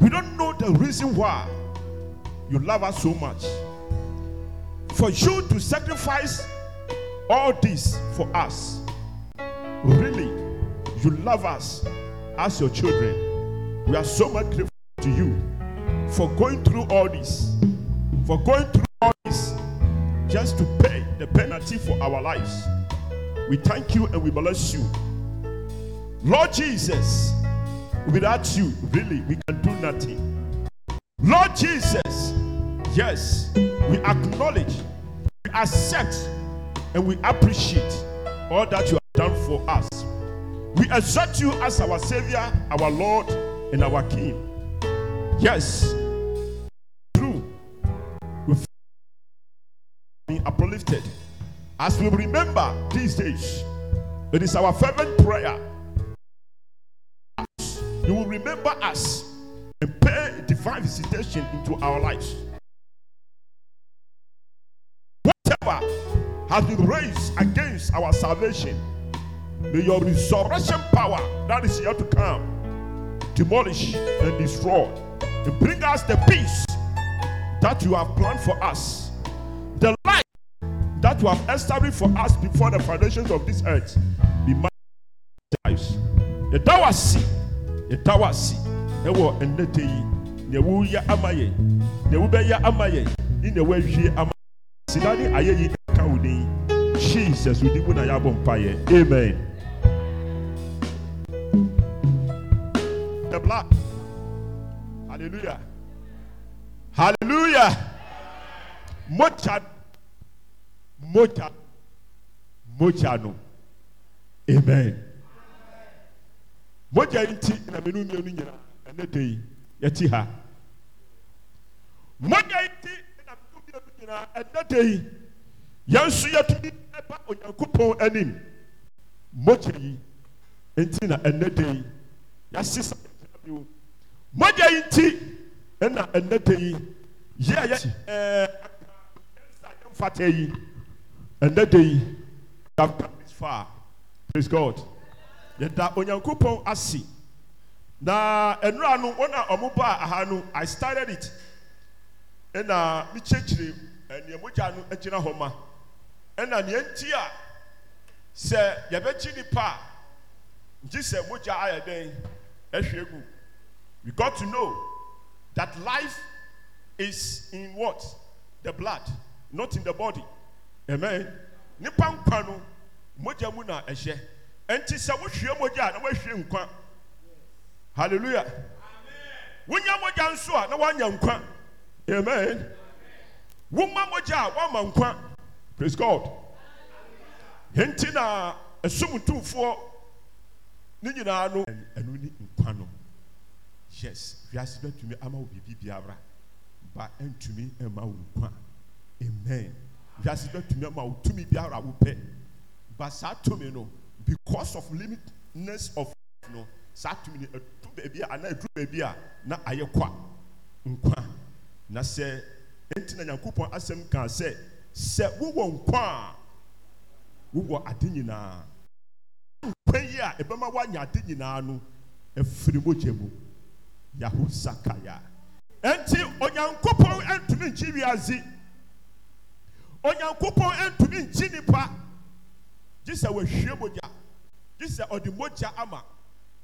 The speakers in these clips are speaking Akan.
We don't know the reason why you love us so much. For you to sacrifice all this for us, really, you love us as your children. We are so much grateful to you for going through all this, for going through all this just to pay the penalty for our lives. We thank you and we bless you. Lord Jesus. Without you, really, we can do nothing. Lord Jesus, yes, we acknowledge, we accept, and we appreciate all that you have done for us. We exalt you as our Savior, our Lord, and our King. Yes, true. We being uplifted as we remember these days. It is our fervent prayer remember us and pay divine visitation into our lives. Whatever has been raised against our salvation, may your resurrection power that is yet to come demolish and destroy and bring us the peace that you have planned for us, the life that you have established for us before the foundations of this earth. Be my lives. The Dawasi yɛda wo ase ɛwɔ ɛnnɛtɛ yi nea woyɛ ama yɛn nea wobɛyɛ ama yɛn ne nea woawie ama sida ne ayɛyi ɛka wo din jesus wo mu na yɛabɔ mpayɛ amen the black. hallelujah hallelujah mocha mocha mocha no amen mogya yi nti na menu mmienu nyinaa ɛnɛ de yi yɛti ha mogya nti na menu mmienu nyinaa ɛnɛ de yi yɛn nso yɛtumi ɛba onyankopɔn anim mogya yi nti na ɛnɛ de yi yɛasesa yɛgyina bi wo mogya yi nti ɛna ɛnɛ de yi yɛ yɛ ɛɛ yɛnsa yɛnfata yi ɛnɛ de yi yɛn come this far praise God. yɛda onyankopɔn ase na nnura no wɔn a wɔn baa aha no i started it ɛna mekyerɛkyerɛ eh, nea mogya no agyina hɔ ma ɛna nea nti a sɛ yɛbɛkyi nipa a nti sɛ mogya ayɛ dɛn ɛhwɛ gu we got to know that life is in what the blood not in the body amen nipa nkwa no mogya mu na ɛhyɛ. E nti sɛ wohwiɛ ma na woahwe nkwa aleluawonya mmgya nso a na woanya nkwa amn woma mya a woama nkwa pres g enti na somtomfoɔ ne nyinaa noɛnoni nkwa no yes dwiase bɛtumi ama wo biribi biawra ba ntumi mma wo nkwa amen wiase bɛtumi amawo tumi biawra wopɛ ba saa tomi no because of limitness of no saa tumi no ɛtu baabi a anaa ɛduru baabi a na ayɛ kwa nkwa na sɛ enti na nyankopɔn asɛm kaa sɛ sɛ wowɔ nkwa a wowɔ ade nyinaa nkwa yi a ɛbɛma woanya ade nyinaa no ɛfiri mogya mu yaho sakaya enti onyankopɔn ɛntumi nkyi wiase onyankopɔn ɛntumi nkyi ne s wɔahwie mogya gye sɛ ɔde mmogya ama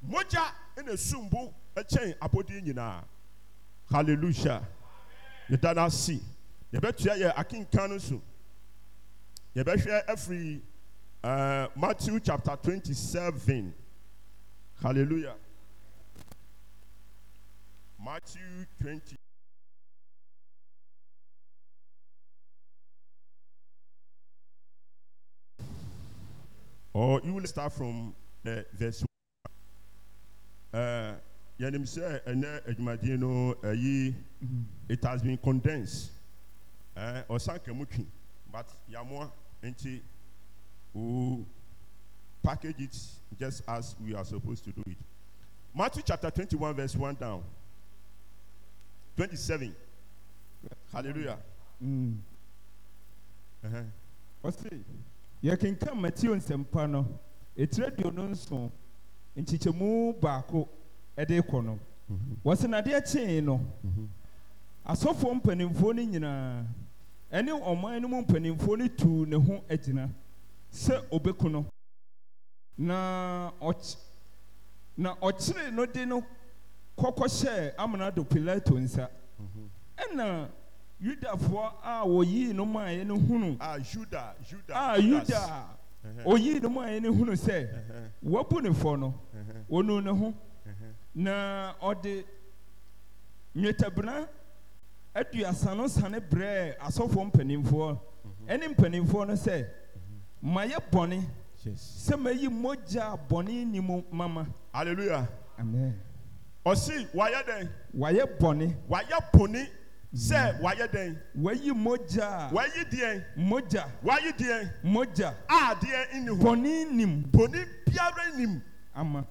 mogya na sumbo kyɛn abodeɛ nyinaa halleluja ne da noase nebɛtua yɛ akenka no so neɛbɛhwɛ afiri matew 27 halleluja2 or you will start from uh, verse uh, it has been condensed or eh, sankemuki but yamwa nti we package it just as we are supposed to do it matthew chapter 21 verse 1 down 27 hallelujah mm. uh-huh. yɛkenka mateo nsɛmpa no ɛtire duonu nson nkyekyɛmu baako ɛde kɔ no mhm. wɔsɛ nadeɛ kyee no mhm. asɔfoɔ mpanimfoɔ no nyinaa ɛne ɔman no mu mpanimfoɔ no tu ne ho agyina sɛ ɔbɛku no na ɔkyere no de no kɔkɔ hyɛ amana do pilato nsa mhm. ɛna yudafoɔ a wɔyii no maaeɛ no hunu ah, a ah, yuda yuda a yuda oyii no maaeɛ no hunu sɛ wabu ne fɔ no ɔnu ne ho na ɔde nwetabena aduasa no sane brɛɛ asɔfoɔ mpanimfoɔ ɛne mpanimfoɔ no sɛ mayɛ bɔne sɛ mayi mogya bɔne ni mu mama hallelujah amen ɔsi wayɛ dɛn wayɛ bɔne wayɛ bɔne sɛ wɔayɛ dɛn wayi mogyaa wayi deɛn mogya wyi deɛn mogya a deɛ ni hobɔne nim bɔne biara nim ama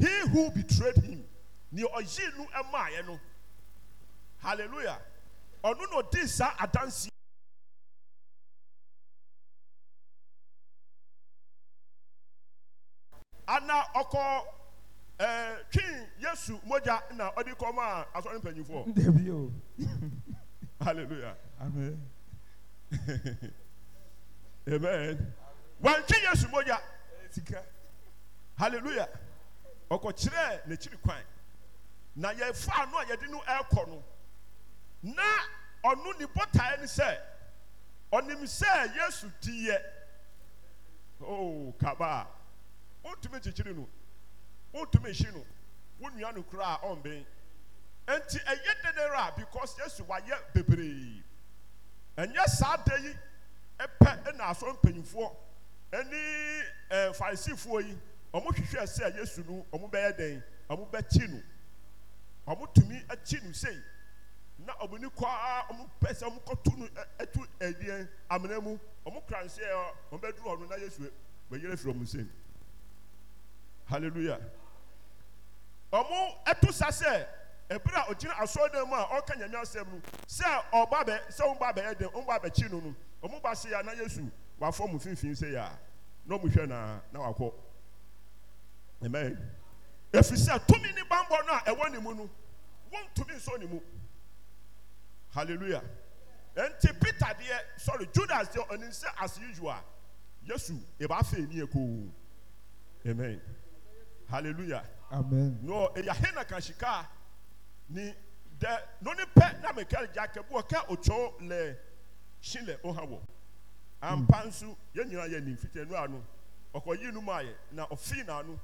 hi who betrayed him nea ɔyeie no maaeɛ no halleluya ɔno na ɔdei saa adanse ana ɔkɔ eh, twe yesu mogya na ɔde kɔm a asɔre mpanyinfoɔ. nke o. amen. amen. wɔnkye yesu mogya. sika. hallelujah. ɔkɔkyerɛ n'akyiri kwan na yɛfa ano a yɛde no ɛrekɔ no na ɔno ne bɔtae ne sɛ ɔnim sɛ yesu ti yɛ oh, kaba a kyekyere no hyi no. wonanoraɔ nti yɛ dedɛ rɛ a because yesu wayɛ bebree ɛnyɛ saa da yi pɛ nnasɔ mpanyimfoɔ ni farisifoɔ yi ɔmo hwehwɛ sɛ yesu no ɔmobɛyɛ dɛn ɔmobɛkyi no ɔmotumiki no sei na ɔbini k ɔɛɔt taɛn amna mu ɔmokra nsɛ ɔmbɛdr hɔ nona yeu yerɛ fimnsl ɔmo ɛto sa sɛ ebere a ogyina asɔɔdan mu a ɔka nyame asɛm no sɛ ɔba bɛ sɛ ɔmo ba bɛyɛ den ɔmo ba bɛkyi no no ɔmo ba se ya na yesu wafɔ mo finfin se ya na ɔmo hwɛ na na wakɔ amen efisɛ tumi ne bambɔ no a ɛwɔ ne mu no wɔn tumi nsɔ ne mu hallelujah nti peter deɛ sorry judas deɛ ɔne nsa as usual yesu eba afei nie koo amen hallelujah. Amen. No, eya hena kashika ni de noni pe na me jakebu ja ke ocho le shile ohawo. Ampansu hmm. pansu nyina ye ni fite no anu. Okọ yi nu maye na ofi na anu.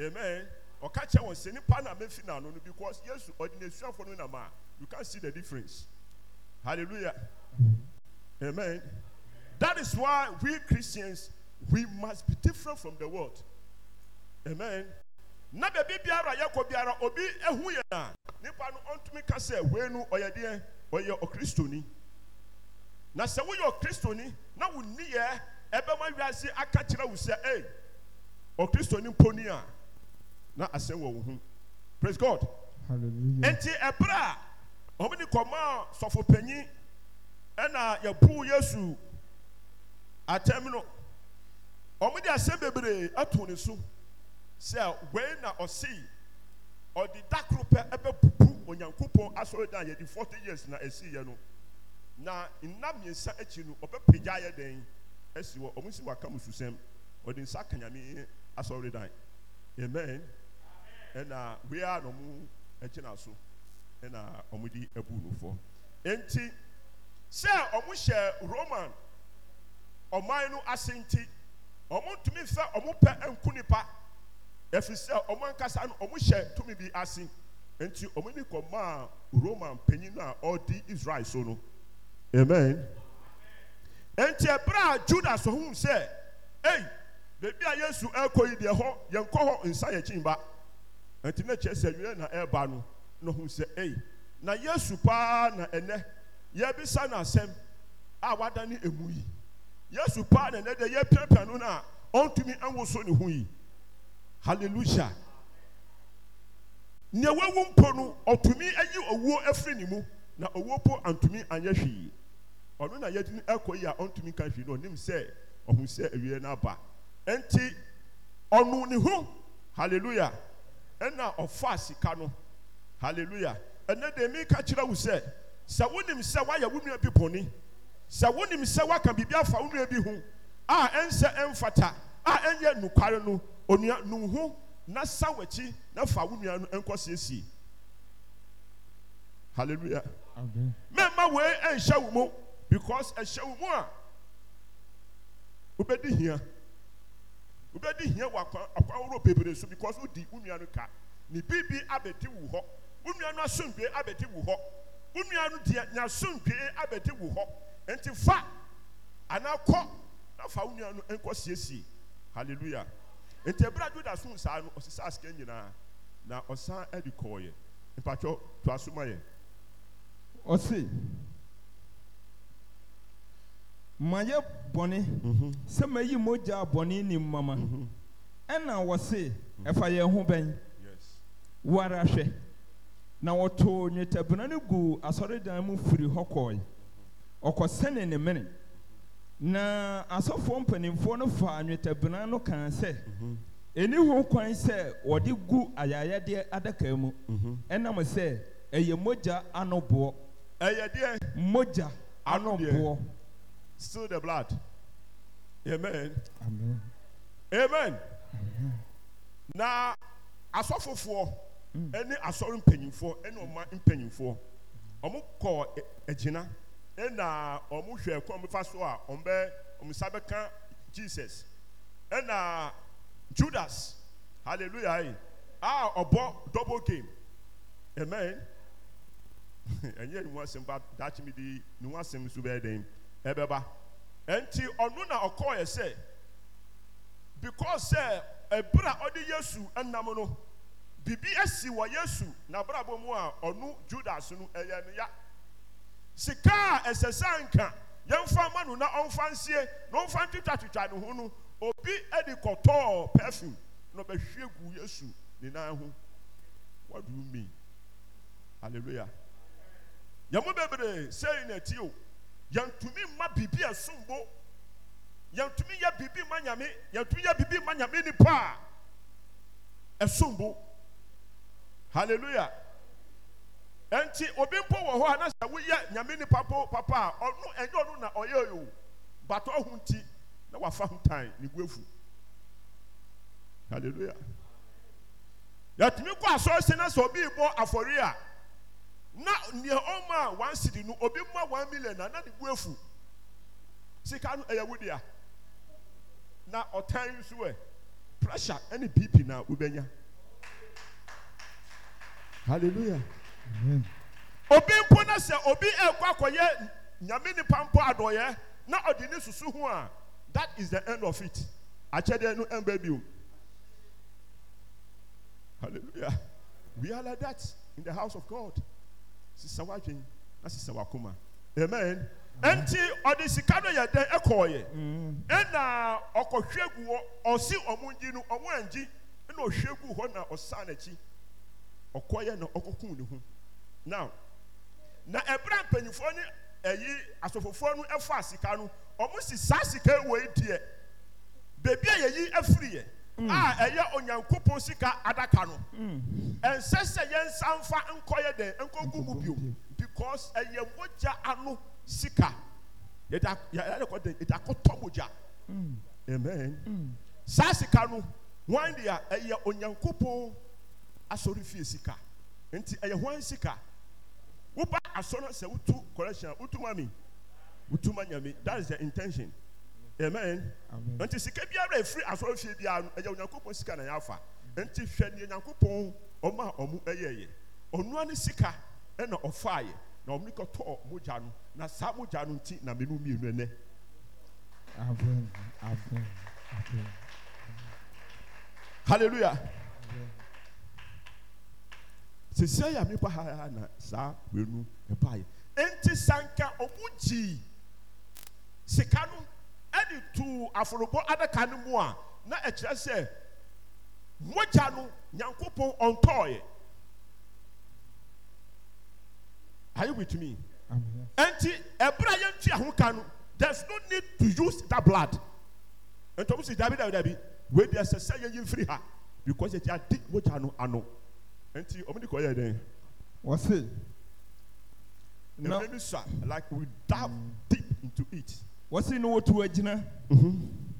Amen. O kye wọn sẹ nipa na na no because yes ọdini esuafo no na ma you can see the difference. Hallelujah. Amen. That is why we Christians we must be different from the world. Amen. na beebi biara yɛkɔ biara obi ehu yɛn a nipa no ɔntumi ka sɛ wei no ɔyɛ deɛ ɔyɛ ɔkristoni na sɛ woyɛ ɔkristoni na wo niyɛ ɛbɛma wiase aka kyerɛ wo sɛ ee ɔkristoni mponi a na asɛm wɔ wo ho praise god nti ɛberɛ a ɔmo de kɔmaa sɔfopanyin ɛna yɛpuu yesu atɛm no ɔmo de asɛm bebree ato ne so. sɛ wei na ɔsi ɔde dakoro pɛ ɛbɛbubu onyankopɔn asɔredan yɛde forty years na ɛsi yɛ no na nna mmiɛnsa akyi no ɔbɛpagya ayɛ dɛn ɛsi wɔ ɔmo si waka mu susɛm ɔde nsa ka nyame asɔredan amen ɛna wia na ɔmo ɛgyina so ɛna ɔmo de abu no fɔ enti sɛ ɔmo hyɛ roman ɔman no ase nti ɔmo ntumi fɛ ɔmo pɛ nku nipa. ɛfiri sɛ ɔmo ankasa no ɔmo hyɛ tumi bi ase nti ɔmo ni kɔmɔ roman panyin a ɔdi israel so no amen nti ɛbrɛ a juda so ho sɛ ei beebi a yesu ɛkɔ yi deɛ hɔ yɛn kɔ hɔ nsa yɛ kyin ba nti ne kyerɛ sɛ wia na ɛreba no no ho sɛ ei na yesu paa na ɛnɛ yɛbisa na asɛm a wada ne emu yi yesu paa na ɛnɛ deɛ yɛpiapia no na ɔntumi nwoso ne ho yi. aela nea woawu mpo no ɔtumi ayi owuo afiri ne mu na ɔwuo po antomi anyɛ hwie ɔno nayɛdkɔ yi a ɔntumi ka hwii no ɔnm sɛ ɔhu sɛ awiɛ noaba ɛnti ɔno ne ho halleluya ɛna ɔfaa sika no haleluya ɛnɛ de me ka kyerɛ wo sɛ sɛ wonim sɛ woayɛ wo nnua bi bɔne sɛ wonim sɛ woaka biribi afa wo nnua bi ho a ɛnsɛ ɛmfata a ɛnyɛ nnokware no onua n'uhu na sa na fa wo nua nkɔ siesie hallelujah mmarima wee nhyɛ wo mu because ɛhyɛ wo mu a wobɛdi hia wobɛdi hia wɔ akwan ahorow bebree so because wodi wo nua no ka ne biribi abɛdi wo hɔ wo nua no asomdwe abɛdi wo hɔ wo nua no deɛ nyasomdwe wo hɔ nti fa anaa kɔ na fa wo nua no nkɔ hallelujah. nti ebere a juda sun saa no ɔsesa asike nyinaa na ɔsan ɛde kɔɔ yɛ mpatwɔ to asoma yɛ. ɔsi mayɛ bɔnne mhm. sɛ mayi mogya bɔnne ni mama mhm. ɛna wɔsi ɛfa yɛn ho bɛn wara hwɛ na wɔtoo nwetabena no gu asɔredan mu firi hɔ kɔɔ ɔkɔsɛne ne mene. na asɔfoɔ mpanimfoɔ no fa nwetɛbena no kan sɛ ɛni ho kwan sɛ wɔde gu ayayɛdeɛ adaka mu ɛnam sɛ ɛyɛ mogya anoboɔ ɛyɛ deɛ mogya anoboɔ still the blood amen amen amen na asɔfofoɔ mm. ɛne asɔre mpanyimfoɔ ɛne ɔma mpanyimfoɔ mm. ɔmo kɔɔ agyina. E, e ɛna ɔmo hwɛ ɛkɔn fa so a ɔmo bɛ ɔmo jesus ɛna judas hallelujah yi a ɔbɔ double game amen ɛnyɛ nuhu asɛm ba daakye mi di nuhu asɛm nso bɛyɛ dɛm ɛbɛba ɛnti ɔno na ɔkɔɔ yɛ sɛ because sɛ ɛbura e, ɔde yesu ɛnam no bibi esi wɔ yesu na abrabɔ mu a ɔno judas no ɛyɛ no ya. sikaa ɛsɛ san anka yɛmfa mmo no na ɔmfa nsie na ɔmfa ntwetwatwetwa ne ho no obi adi kɔtɔɔ pafim na ɔbɛhwiɛ gu yesu nyinaa ho wa doo mean alleluya yɛ mo bebree sei ne atio yɛntumi mma bibi a ɛsombo yɛntumi yɛ birbi ma nyame yɛntumi yɛ birbi mma nyame nnipa a ɛsombo halleluya nti obi mpo wɔ hɔ a na sɛ woyɛ nyame nipa po papa a ɔno ɛnyɛ ɔno na ɔyɛ o but ɔho nti na wafa ho tan ne gu afu hallelujah yɛtumi kɔ asɔrse na sɛ obi rebɔ afɔre a na nea ɔma a one no obi ma one million na na ne gu afu sika no ɛyɛ wo na ɔtan nso ɛ pressure ɛne bp na wobɛnya hallelujah obi mpo na sɛ obi ɛkɔ akɔyɛ nyame nipa mpo adɔyɛ na ɔde ne susu ho a that is the end of it akyɛdeɛ no ɛmba bio hallelujah we are like that in the house of god sisan wadwin na sisan wakoma amen nti ɔde sika no yɛ dɛ ɛkɔɔyɛ mm. ɛna ɔkɔhwɛ gu hɔ ɔsi ɔmo ngyi no ɔmo angyi ɛna ɔhwɛ gu hɔ na ɔsan n'akyi ɔkɔyɛ na ɔkɔkun ne ho. now na ɛbrɛ mpanyinfoɔ ne ɛyi asɔfofoɔ no ɛfa asika no wɔn si saa sika wɔ yi deɛ beebi a yɛyi afiri yɛ mm. a ɛyɛ onyankopɔn sika adaka no mm. ɛnsɛ sɛ yɛn nsanfa nkɔyɛ dɛ nkɔgu mu bio because ɛyɛ mogya ano sika yɛda yɛda kɔ dɛ yɛda kɔ tɔ mogya mm. amen saa sika no wɔn deɛ ɛyɛ onyankopɔn asɔre sika nti ɛyɛ wɔn sika. woba asɔrɔ sɛ wotu correction wotu ma mi wotu ma that is the intention amen nti sika biara fie biara no ɛyɛ onyankopɔn sika na ya nti hwɛ ne onyankopɔn a ɔmo ɛyɛ yɛ ne sika ɛna na ɔmo ne na saa mogya no nti na menu mienu ɛnɛ. hallelujah. sɛ sɛ yɛ ip hnasaaayɛ nti sanka ɔmu gyii sika no ɛde tuu aforobɔ adaka ne mu a na ɛkyerɛ sɛ mogya no nyankopɔn ɔntɔɔeɛ ayɛ itmi nti ɛbera yɛnteahoka no there's no ned to use tha blood ntɔs daidaida bi eidesɛ sɛ yɛyimfiri ha beausyɛt adimya no ano nti ɔmo de kɔ yɛ dɛ. wọ́n sè. na ɛfɛ mi sa like we dive deep into it. wọ́n sè ni wọ́n tu agyina.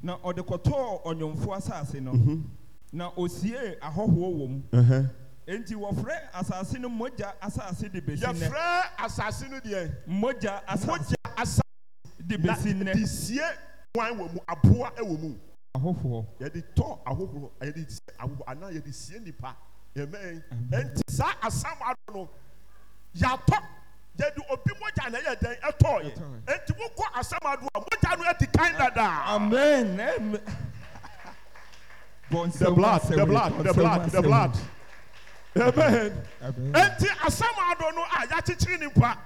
na ɔde kɔtɔɔ ɔnyɔnfo asase no. Mm-hmm. na osie ahɔhoɔ wɔ mu. Uh-huh. Enti wɔfrɛ asase no mogya asase de besi nɛ. Yɛfrɛ asase no deɛ. Mogya asase. Mogya asase. De besi nɛ. Na de sie kwan wɔ mu aboa wɔ mu. Ahohoɔ. Yɛde tɔ ahohoɔ yɛde sie ahohoɔ anaa yɛde sie nipa. amen nti saa asam ado no yàtọ yɛde obi mogya na yɛ dɛn ɛtɔ yɛ nti wokɔ asam ado a mogya no adi kan dada. amen the blood the blood the blood the blood amen nti asam ado no a yɛakyekyere nipa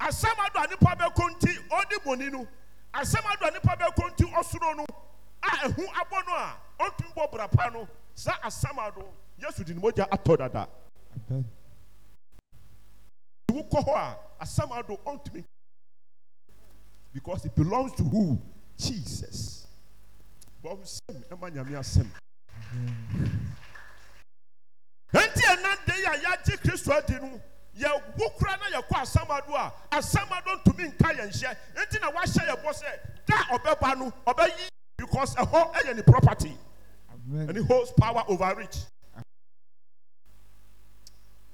asam ado a nipa bɛkɔ nti ɔdi bɔnni no asam ado a nipa bɛkɔ nti ɔsoro no a ehu abɔ no a ɔntumi bɔ brapa no saa asam ado. yesu de ne mogya atɔ dada wokɔ hɔ a asam ado ɔntumi because it belongs to who jesus bɔm sɛm ɛma nyame asɛm ɛnti ɛna de yɛ a yɛagye kristo adi no yɛwo kora na yɛkɔ asamado a asamado ntumi nka yɛn hyɛ nti na wahyɛ yɛ bɔ sɛ da ɔbɛba no ɔbɛyi because ɛhɔ yɛ ne property and it holds power over rich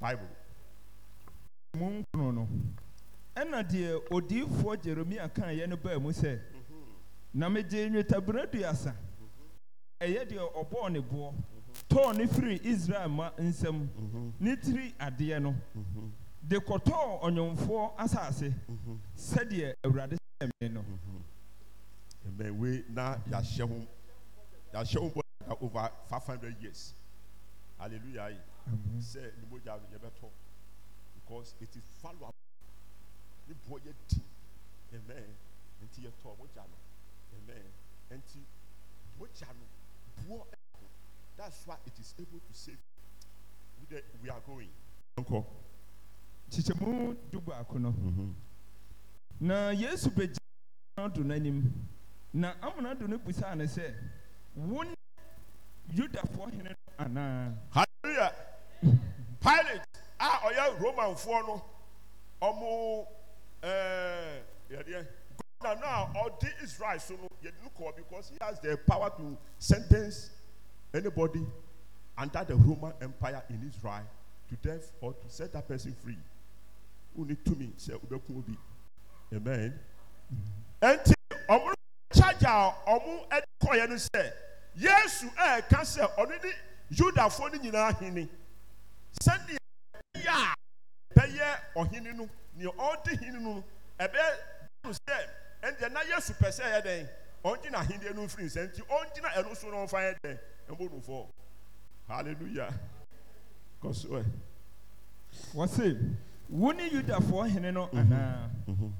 bible mu nkunu no ɛna deɛ odiifoɔ jeremia kan yɛ no baa mu sɛ na megye nwetabere duasa ɛyɛ deɛ ɔbɔɔ ne boɔ tɔɔ ne firi israel ma nsɛm ne tiri adeɛ no de kɔtɔɔ ɔnyomfoɔ asase sɛdeɛ awurade sɛ me no mɛwe na yɛahyɛ ho yɛahyɛ ho bɔ over five hundred years hallelujah ɛn boɔyɛiyɛtɔnban b kyekyɛmu dubuako no mm-hmm. na yesu bɛgye ndo no anim na amonado no busaa ne sɛ wo nɛ yudafoɔ hene no anaa pilate a ah, ɔyɛ oh, romanfoɔ no ɔmo ɛɛ eh, yɛdeɛ governor now ɔdi israel so no yɛde no kɔɔ because he has the power to sentence anybody under the roman empire in israel to death or to set that person free wone tumi sɛ wobɛku bi, amen ɛnti ɔmo charge a ɔmo ɛde kɔɔɛ no sɛ yesu ɛɛka eh, sɛ ɔno ne yudafoɔ ni nyinaa hene. sɛdeɛ ɛyɛ a ɛbɛyɛ ɔhene no nea ɔredi hene no ɛbɛyɛ no sɛ ɛndeɛ na yesu pɛ sɛ ɛyɛ dɛn ɔngyina ahendeɛ no mfiri nsa nti ɔngyina ɛno so eh. mm-hmm. Mm-hmm. Mm-hmm. na ɔmfa yɛ dɛn ɛmbɔ no fɔ hallelujah kɔ so ɛ wɔse wo ne yudafoɔ hene no anaa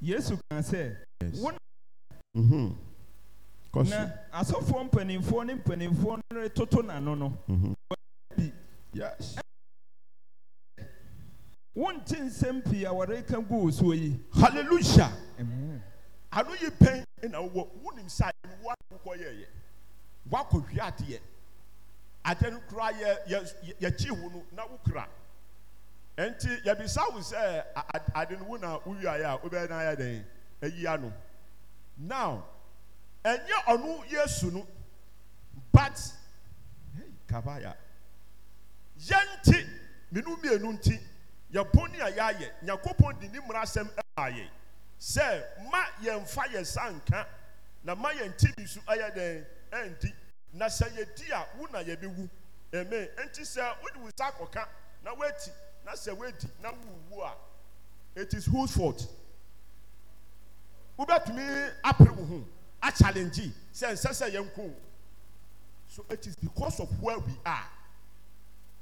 yesu kan sɛ wo na na asɔfoɔ mpanimfoɔ ne mpanimfoɔ no retoto n'ano no wonte nsɛm pii a wɔde ka gu o so yi haleluja ano yi pɛn na wobɔ wonimsaɛ m wowokɔyɛɛ woakɔ wiaadeɛ aden kora yɛkyei wo no na wo kura ɛnti yɛbisaw wo sɛ ade no wo na wowieaeɛ a wobɛɛ na yɛ den ayia no no ɛnyɛ ɔno yɛsu no but kabaya yɛnti menommieno nti yɛbɔna yɛayɛ nyankopɔn di ne mmra sɛm ma yɛ sɛ ma yɛmfa yɛ sa nka na ma yɛtibi so ɛyɛ dn ndi na sɛ yɛdi a wo na yɛbi wu ame nti sɛ wode wo sa kɔka na woti na sɛ wodi na wowuwu a itis whosfort wobɛtumi aperɛ wo h acyalenyi sɛ nsɛ sɛ yɛn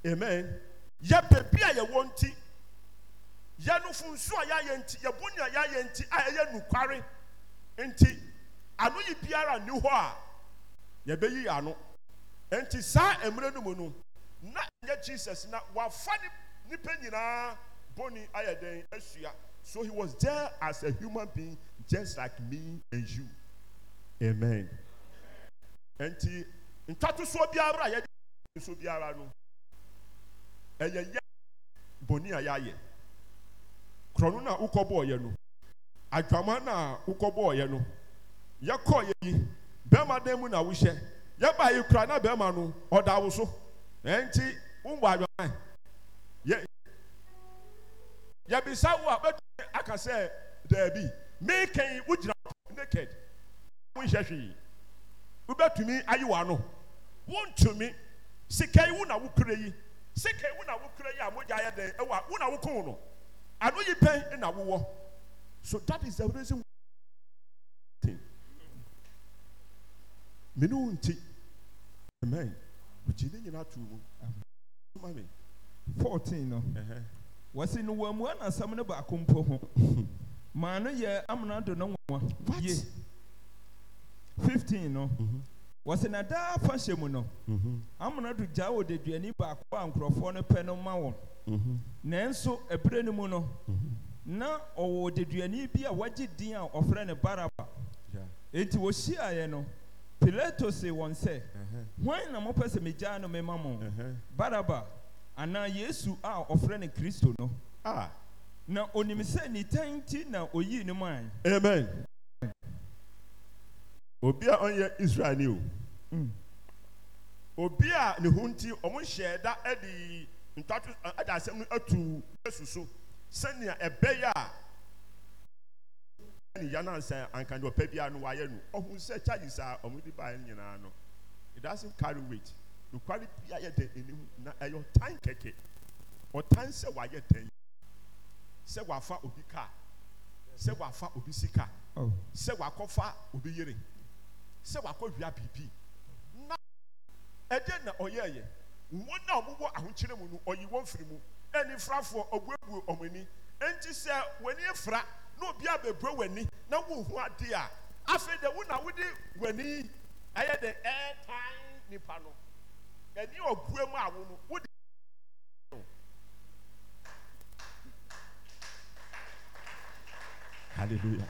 iwe yɛbɛ bi ayɛ yɛnofo nsu a yɛayɛ nti yɛbɔne a yɛayɛ nti a ɛyɛ nukware nti ano yi biara nni hɔ a yɛbɛyi ano nti saa mmerɛ no mu no na ɛnyɛ jesus na wafa nipa nyinaa bɔne ayɛ den asua so he was there as a human being just like me and you amen nti ntwatosoɔ biara yɛde nso biara no ɛyɛ yɛ bɔne a yɛayɛ korɔ na wokɔbɔɔyɛ no adwama na wokɔbɔɔyɛ no yi bɛrima mu na wohyɛ yɛba yi na bɛrima no ɔda wo so e ɛnti wombɔ adwama yɛ yɛbisa wo a bɛtumi aka sɛ daabi meekɛn wogyina naked wonhyɛ hwee wobɛtumi ayewa no wontumi sika yi wo na wokura yi sika yi wo na wokura yi a mogya yɛ dɛn ɛwɔ ano yi pɛn na wowɔ so that is the reason thing nti amen ne 14 no wɔsi no wɔamu anasɛm no baako mpo ho maa yɛ amena do no 15 no mm-hmm. wɔsi na daa fa hyɛ mu no mm-hmm. amena do wɔ baako a nkurɔfoɔ no pɛ no ma Mm-hmm. nanso ɛberɛ no mu no mm-hmm. na ɔwɔ deduani bi a wagye din a ɔfrɛ no baraba enti wɔhyiaeɛ no pilato se wɔn sɛ uh-huh. hwan na mopɛ sɛ megyaa no mema mo uh-huh. baraba anaa yesu a ɔfrɛ no kristo no ah. na onim sɛ ne nti na oyi no mu amen obi a ɔnyɛ israelni o mm. obi a ne ho nti ɔmo hyɛɛ da ntwato ɛde eh, asɛm no atu yesu so sɛnea ɛbɛyɛ a ɛne ya nansa anka deɛ ɔpɛ biara no wayɛ no ɔhu sɛ charges a ɔmode baeɛ no nyinaa no it doesn't carry weight nokware bia yɛ dɛn enim na ɛyɛ ɔtan kɛkɛ ɔtan sɛ wayɛ dɛn sɛ wafa obi kaa sɛ wafa obi sika oh. sɛ wakɔfa obi yere sɛ wakɔwia biribi na ɛdɛn na ɔyɛɛyɛ wɔn a wɔwɔ ahokyere mu no ɔyi wɔn firi mu ɛni furafoɔ ɔbuebue wɔn ani nti sɛ wɔn ani na obi abɛbue wɔn na wɔn ho adi a afei de wɔn na wɔde wɔn ani ɛyɛ de ɛɛtan nipa no ɛni ɔbue mu awo no wɔde. hallelujah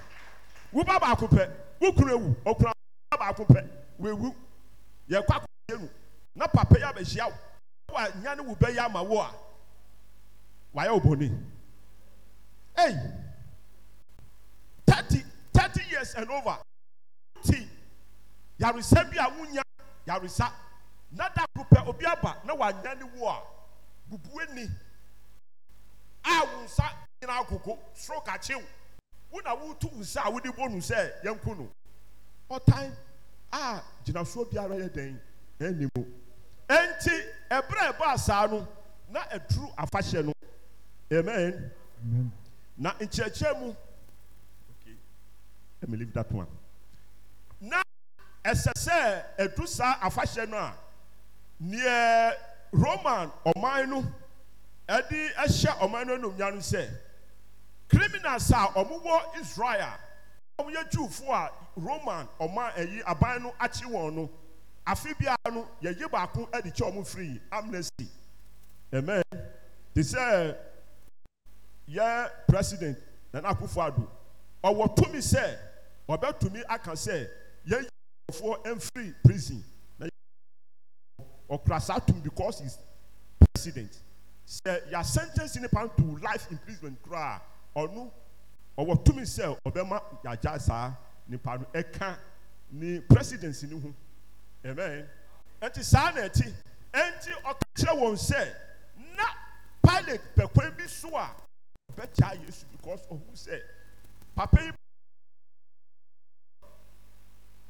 baako pɛ ewu ɔkura baako pɛ ewu yɛ kɔ akɔ yɛ nu. na papa ya bɛhyia wo wa nya ne wo bɛyɛ ama wo a wayɛ wo bɔne ei thirty thirty years and over ti yaresa bi a wonya yaresa na da koro pɛ obi aba na wanya ne wo a bubue ni a wo nsa nyina akoko soro kakye wo wo na wotu wo nsa a wode bɔ no sɛ yɛnko no ɔtan a gyinasoɔ biara yɛ dɛn ɛnim enti ɛberɛ a ɛbɔ asaa no na aduru afahyɛ no amen na nkyerɛkyerɛ mu na ɛsɛ sɛ aduru saa afahyɛ no a neɛ roman ɔman no ɛde ɛhyɛ ɔman no anomnya no sɛ criminals a ɔmowɔ israel a ɔmoyɛ jewfoɔ a roman ɔman ayi aban no akye wɔn no afe biar no yɛye baako adi kyɛwɔ m frii amnesty ame ti sɛ yɛ president nane akofoɔ ado ɔwɔ tumi sɛ ɔbɛtumi aka sɛ yɛyiɔfoɔ mfri prison na ɔkra saa tomi because yis president sɛ yɛasentense nnipa n to life imprisement koraa ɔno ɔwɔ tumi sɛ ɔbɛma yagya saa nnipa no ɛka ne presidente no ho amen nti saa na ɛti ɔka kyerɛ na pilate pɛkwan bi so a ɔbɛkya yesu because ɔhu sɛ papa yi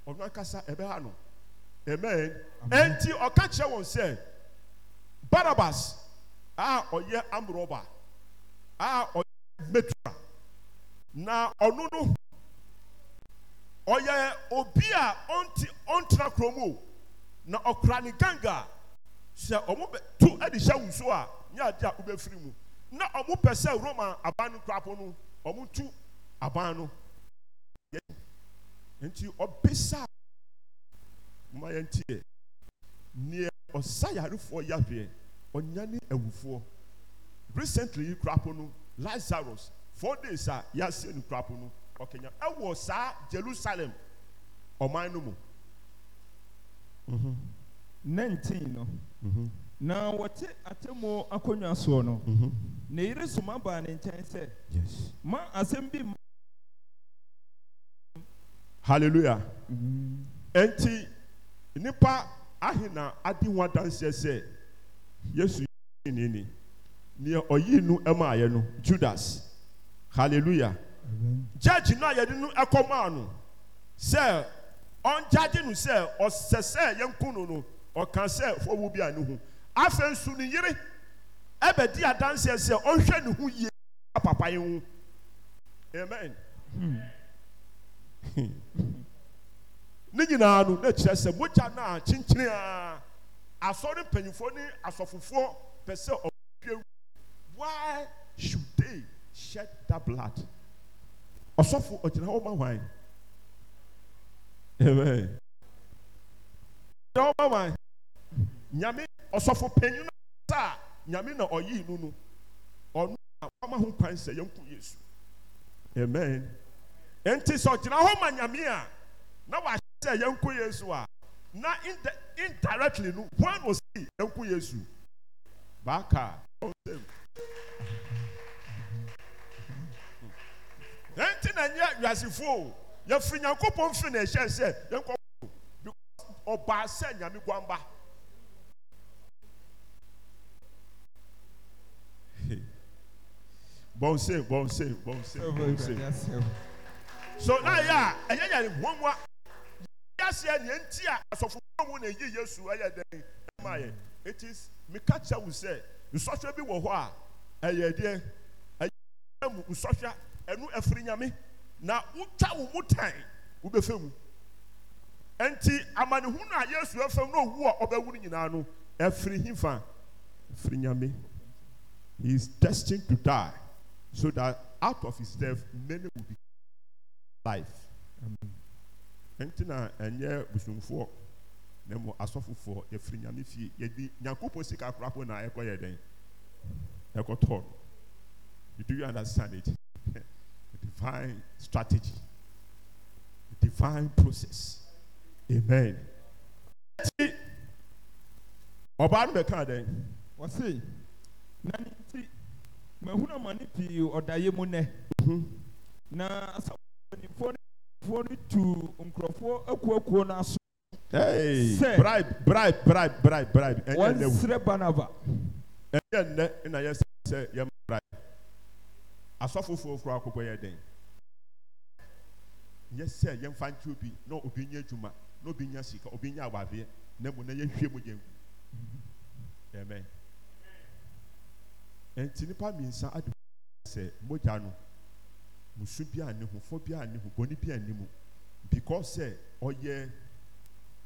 ɔno ankasa ha no amen nti ɔka kyerɛ wɔn sɛ barabas a ɔyɛ amrɔba a ɔyɛ na ɔno ɔyɛ obi a ɔnti ɔntena kurom o na ɔkura ne ganga sɛ ɔmo bɛ tu ɛde hyɛ wusu a nyɛ adi a ɔbɛfiri mu na ɔmo pɛ sɛ roma aban no kurapo no ɔmo tu aban no nti ɔbisa mma yɛn tie nea ɔsa yarefoɔ yahweɛ ɔnya ne awufoɔ recently kurapo no lazarus four days a yɛasie ne kurapo no. ẹ ɛwɔ saa jerusalem ɔman no mu. Mm-hmm. nineteen no mm-hmm. na wɔte atemu akonnwa soɔ no mm-hmm. na yere soma baa ne nkyɛn sɛ ma asɛm bi ma. hallelujah nti nipa ahena adi ho adanseɛ sɛ yesu yi ni ni nea ɔyi nu ɛmaa yɛ no judas hallelujah. judge na a yɛde no ɛkɔmaa no sɛ ɔngyagye no sɛ ɔsɛ sɛ yɛnko no no ɔka sɛ fɔwu bi a ne ho afei nso ne yere ɛbɛdi adanseɛ sɛ ɔnhwɛ ne ho yie papa yi ho amen ne nyinaa no na kyerɛ sɛ mogya no a kyenkyene a asɔre mpanyinfoɔ ne asɔfofoɔ pɛ sɛ ɔhwɛ why should they shed that blood ɔsɔfo ɔgyina wɔ ma wan amn ɔyina ɔma wan nyame ɔsɔfo pannyinosa a nyame na ɔyie no no ɔno a woama ho kwan sɛ yɛnkɔ yesu amen ɛnti sɛ ɔgyina hɔ ma nyame a na wahye sɛ yɛnkɔ ye su a na indirectly no ho anaɔsii yɛnkɔ ye su baakaa ɔnsɛm ti oh na ɛyɛ awasefoo yɛfi nyankopɔn fene ɛhyɛ sɛ ɛ ɔbaa sɛ nyameganasyɛ a ɛyɛyɛa eɛnɛi a asɔfo neɛyi yɛsu ɛ meka ta wo sɛ nsɔhwɛ bi wɔ hɔ a ɛyɛ ɛmn ɛnu ɛfiri nyame na wotwa wo mu tan wobɛfɛ mu nti amanehunu a yesu ɛfɛm na owu a ɔbɛwu no nyinaa no ɛfiri himfa ɛfiri nyame he is destined to die so that out of his death many will be life nti na ɛnyɛ busumfoɔ na mo asɔfofoɔ ɛfiri nyame fie yɛdi nyankopɔn sika korapɔ na ɛkɔ yɛ dɛn ɛkɔtɔɔ do you understand it divine strategy, divine process. Amen. See, ọba no bɛka dɛn wɔse na ne nti mahunu amane pii ɔdaeɛ mu nɛ mm-hmm. na asafoɔ no tu nkurɔfoɔ akuakuo no aso Hey, Say, bribe, bribe, bribe, bribe, bribe. One sre banava. And then, and I say, yeah, bribe. asɔfofoɔ kura akokɔ yɛ den yɛ sɛ yɛn fa ntwi obi na obi nya adwuma na obi nya sika obi nya awadeɛ na mu na yɛ hwie mu yɛn gu amen nti nipa mmiɛnsa adi sɛ mogya no musu bi a ne ho fo bi a ne ho goni bi a ne mu because sɛ ɔyɛ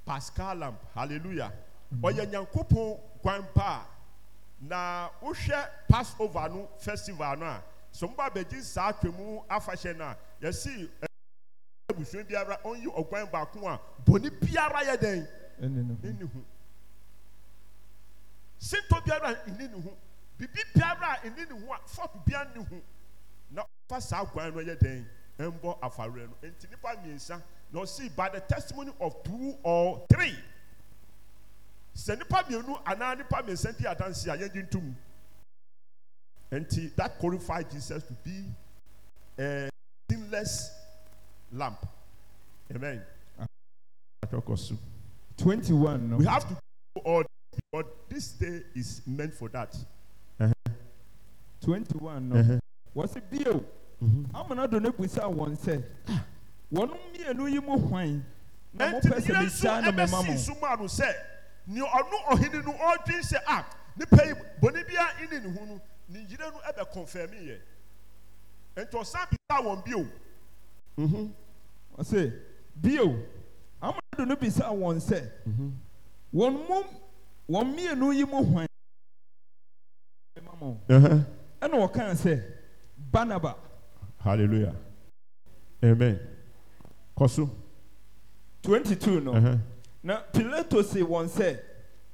pascal lamp hallelujah mm-hmm. ɔyɛ nyankopɔn kwan pa na wohwɛ passover no festival no a. ba a bɛgye saa twa mu afahyɛ noa yɛsei abuua eh, bir ɔnyiɔan baao a bɔne biryɛ d nn hintɔ rnnne h bibi irannnehn hnfsaa an noyɛ dbɔfwerɛ nntinip miɛs naɔsi by the testimony of t o 3 sɛ nnip mminn mmiɛsa adanse yɛye ntom nti that qualified Jesus to be a sinless lamp amen. twenty-one. No? we have to do all this but this day is meant for that. Uh-huh. twenty-one. No? Uh-huh. wọ́n sì bí o amúnádùn ní busa wọn sẹ́ wọn mmienu yi mu hwan na mo pẹ sẹ mi sa na mẹ ma mo. ẹnti yẹn sún ẹbẹ sí sún mu àná sẹ ni ọdún ọ̀hìn nínú ọdún sẹ a nípa ìbọn níbi à ń ní nìhun. Ni nyina no ɛbɛ confirm yɛ nti ɔsan bisa wɔn bio. Mm-hmm. ɔsɛ bio amadu no bisa wɔn sɛ mm-hmm. wɔn mu wɔn mmienu yi mu hwan uh-huh. ɛna wɔkan sɛ banaba. hallelujah amen kɔ so. twenty two no uh-huh. na pilato si wɔn sɛ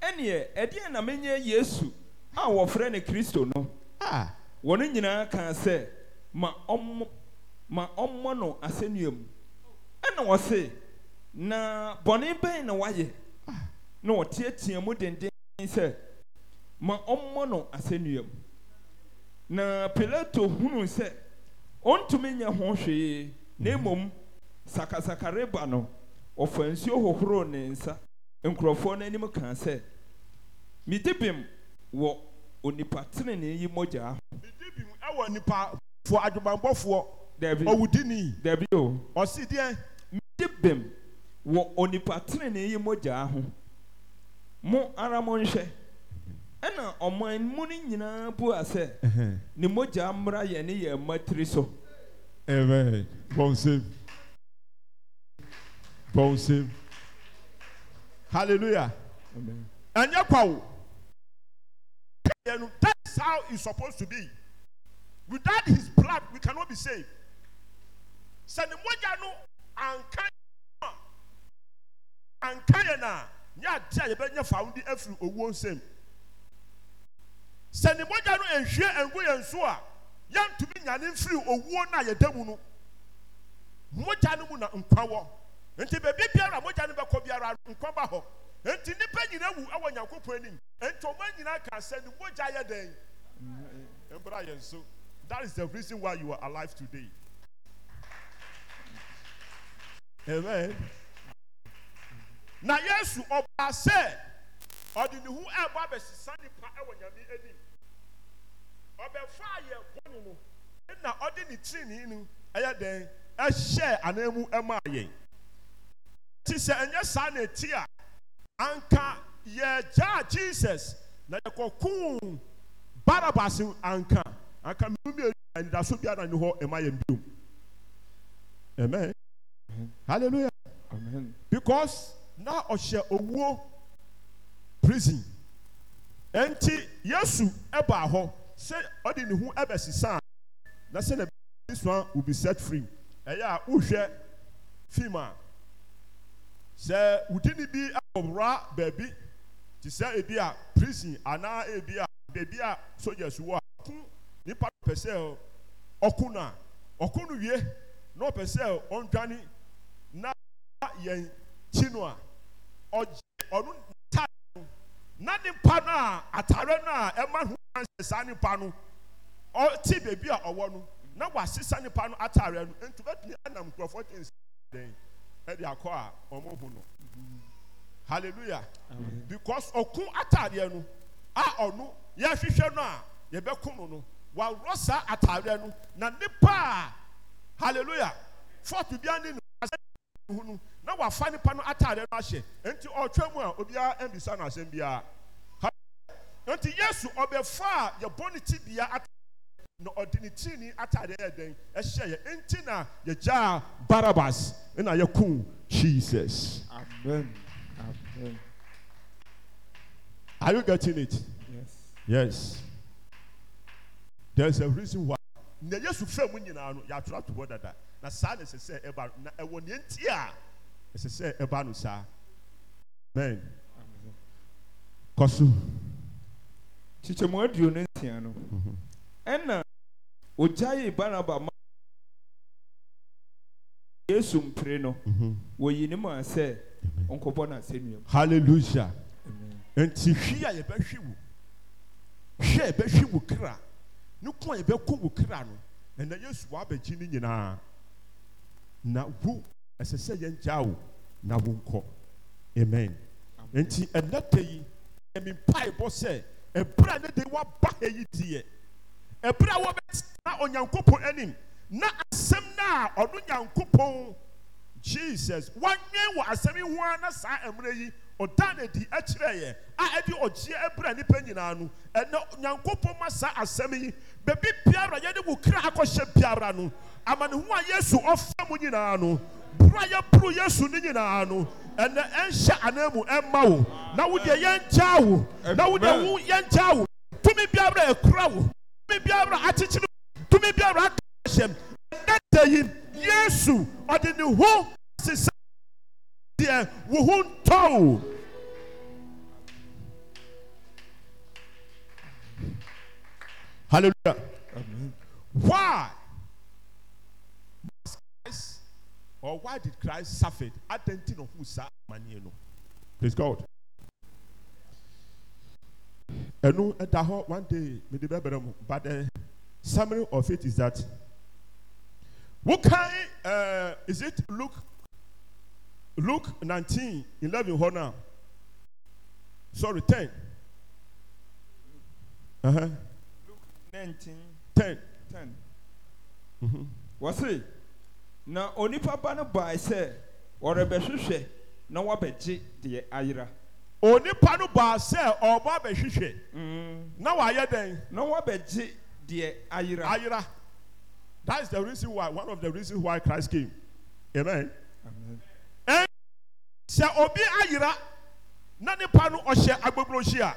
ɛnneɛ ɛdeɛ na menye yesu a wɔfrɛ ne kristo no. Ah. wọn nyinaa kan sɛ ma ɔmo ma ɔmo no asɛnnua mu ɛna wɔse na bɔnne bɛn na wayɛ ah. na wɔteatea mu denden sɛ ma ɔmo no asɛnnua mu na pilato hunu sɛ ɔntumi nyɛ ho hwee na mhm. mmom sakasaka reba no ɔfa nsuo hohoro ne nsa nkurɔfoɔ no anim kaa sɛ mede bem wɔ onipa tenenee yi mogya ahụ. Ndị bi ɛwɔ nipa fo adwumagbɔfoɔ. Dɛbi owudini. Dɛbi o. Ɔsi deɛ. Ndị bem wɔ onipa tenenee yi mogya ahụ. Mo ara mo nhwɛ. ɛna ɔman mu no nyinaa bua sɛ ne mogya mmra yɛ ne yɛ mma tiri so amen bɔn sɛm bɔn sɛm hallelujah ɛnyɛ kwawo That's how it's supposed to be. Without his blood, we cannot be saved. Send the Mojano and Kayana and Kayana. Nya tia yebe nya faundi efri owo nsem. Send the Mojano and Shia and Way and Sua. Yan to be Yanin free owo na yedemuno. Mojano na nkwawo. Nti biara biara nkwa ba ho. enti nnipa nyina wu wɔ nyankopɔn anim enti ɔma nyina ka sɛ ne mogya yɛ dɛn mbra yɛn so that is the reason why you are alive today amen na yesu ɔbaa sɛ ɔde ne ho ɛbɔ abɛsesa nipa ɛwɔ nyame anim ɔbɛfaa yɛ bɔne no na ɔde ne tirinii no ɛyɛ dɛn ɛhyɛɛ anan mu ɛmaa yɛn ti sɛ ɛnyɛ saa na eti a anka yɛgyaa jesus na yɛkɔkoo barabas anka anka mmienu anidaso biara ni hɔ ɛma yɛn biom amen hallelujah amen because na ɔhyɛ owuo prison nti yesu ɛbaa hɔ sɛ ɔde ne ho ɛbɛsisa na sɛ na ebi one will be set free ɛyɛ a wohwɛ film a sɛ wodi ni bi. ɔwura baabi te sɛ ebi a prison anaa ebi a baabi a soldiers wɔ a ɔko nipa pɛ sɛ ɔko no a ɔko no wie na ɔpɛ sɛ ɔndwane na yɛn kyi no a ɔgye ɔno ntaare no na nipa no a ataare no a ɛma ho kansɛ saa nipa no ɔte baabi a ɔwɔ no na wasesa nipa no ataare no ntoma tumi anam nkurɔfoɔ kyɛnse ɛde akɔ a ɔmo ho no. hallelujah Amen. because ɔko ataadeɛ no a ɔno yɛahwehwɛ no a yɛbɛko no no wɔaworɔ saa ataadeɛ no na nipa a hallelujah fɔɔto bia ne no no na wafa nipa no ataadeɛ no ahyɛ nti ɔtwa mu a obiara mbisa no asɛm biara nti yesu ɔbɛfa a yɛbɔ ne ti bia ataadeɛ na ɔde ne tirinwi ataadeɛ yɛ den ɛhyɛ yɛ nti na yɛgyaa barabas na yɛkum jesus amen. Are you getting it? Yes. Yes. There's a reason why. Na Yesu fẹ́ mu nyinaa no, yàtúrà tó bọ́ dada. Na saa na ẹsẹ̀ sẹ́ ẹ ba na ẹwọ ní ntí a ẹsẹ̀ sẹ́ ẹ ba no saa. Amen. Kọ́sù. Kyikyɛmu aduonu nsia no, mm-hmm. ɛnna ogya Barnaba ma Yesu mpere no, mm-hmm. woyi ne mu asɛ. alleluja nti hwie a yɛbɛhwe wo hwɛ ɛbɛhwe wo kra no ko a yɛbɛkɔ wo kra no ɛnaa yɛsuwaabɛkyi no nyinaa na wu ɛsɛ sɛ yɛn gyaw wo na wo nkɔ amen enti ɛnɛ tɛ yi mipaebɔ sɛ ɛberɛ a ne dei woaba hɛ yi deɛ ɛberɛ a wɔbɛtena onyankopɔn anim na asɛm no a ɔdo nyankopɔn jesus wanwen wɔ asɛm yi ho ara na saa mmerɛ yi ɔda na adi akyerɛ yɛ a ɛde ɔgyeɛ abira nipa nyinaa no ɛnɛ nyankopɔn ma saa asɛm yi beebi biara yɛde mu kra akɔhyɛ biara no amanehu a yesu ɔfa mu nyinaa no buru a yɛburu yesu ne nyinaa no ɛnɛ ɛnhyɛ anan mu ɛmma wo na wo deɛ yɛngyaa wo na wo deɛ wo yɛngyaa wo tumi biara ɛkura wo tumi biara akyekyere tumi biara aka hyɛm ɛnɛ de Yesu ɔde ne ho sesa deɛ wo ho hallelujah Amen. why was Christ or why did Christ suffer atɛnti na ɔho saa amaniɛ no praise God ɛnu ɛda eh, hɔ one day but the eh, summary of it is that. wokae uh, is it luke luke nineteen eleven hɔ no sorry ten. uh -huh. luke 19 10 10 mm -hmm. wɔse na onipa ba no bae sɛ ɔrebɛhwehwɛ na wabɛgye deɛ ayera onipa no baa sɛ ɔba bɛhwehwɛ na wayɛ dɛn na wabɛgye deɛ ayera ayera is the reason why, one of the reasons why Christ came. Amen. Amen. sir obi ayira na nipa n'oche ɔhyɛ agbogbo hyi a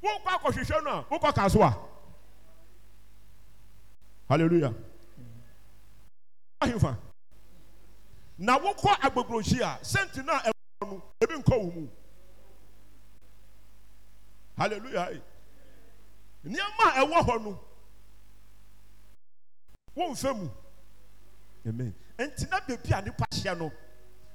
wokɔ akɔhwehwɛ no a hallelujah na wokɔ agbogbo hyi a senti na ɛwɔ no ebi nkɔ wɔ mu hallelujah nneɛma a ɛwɔ hɔ no. wmfɛmu ntina babi a nnipa hyɛ no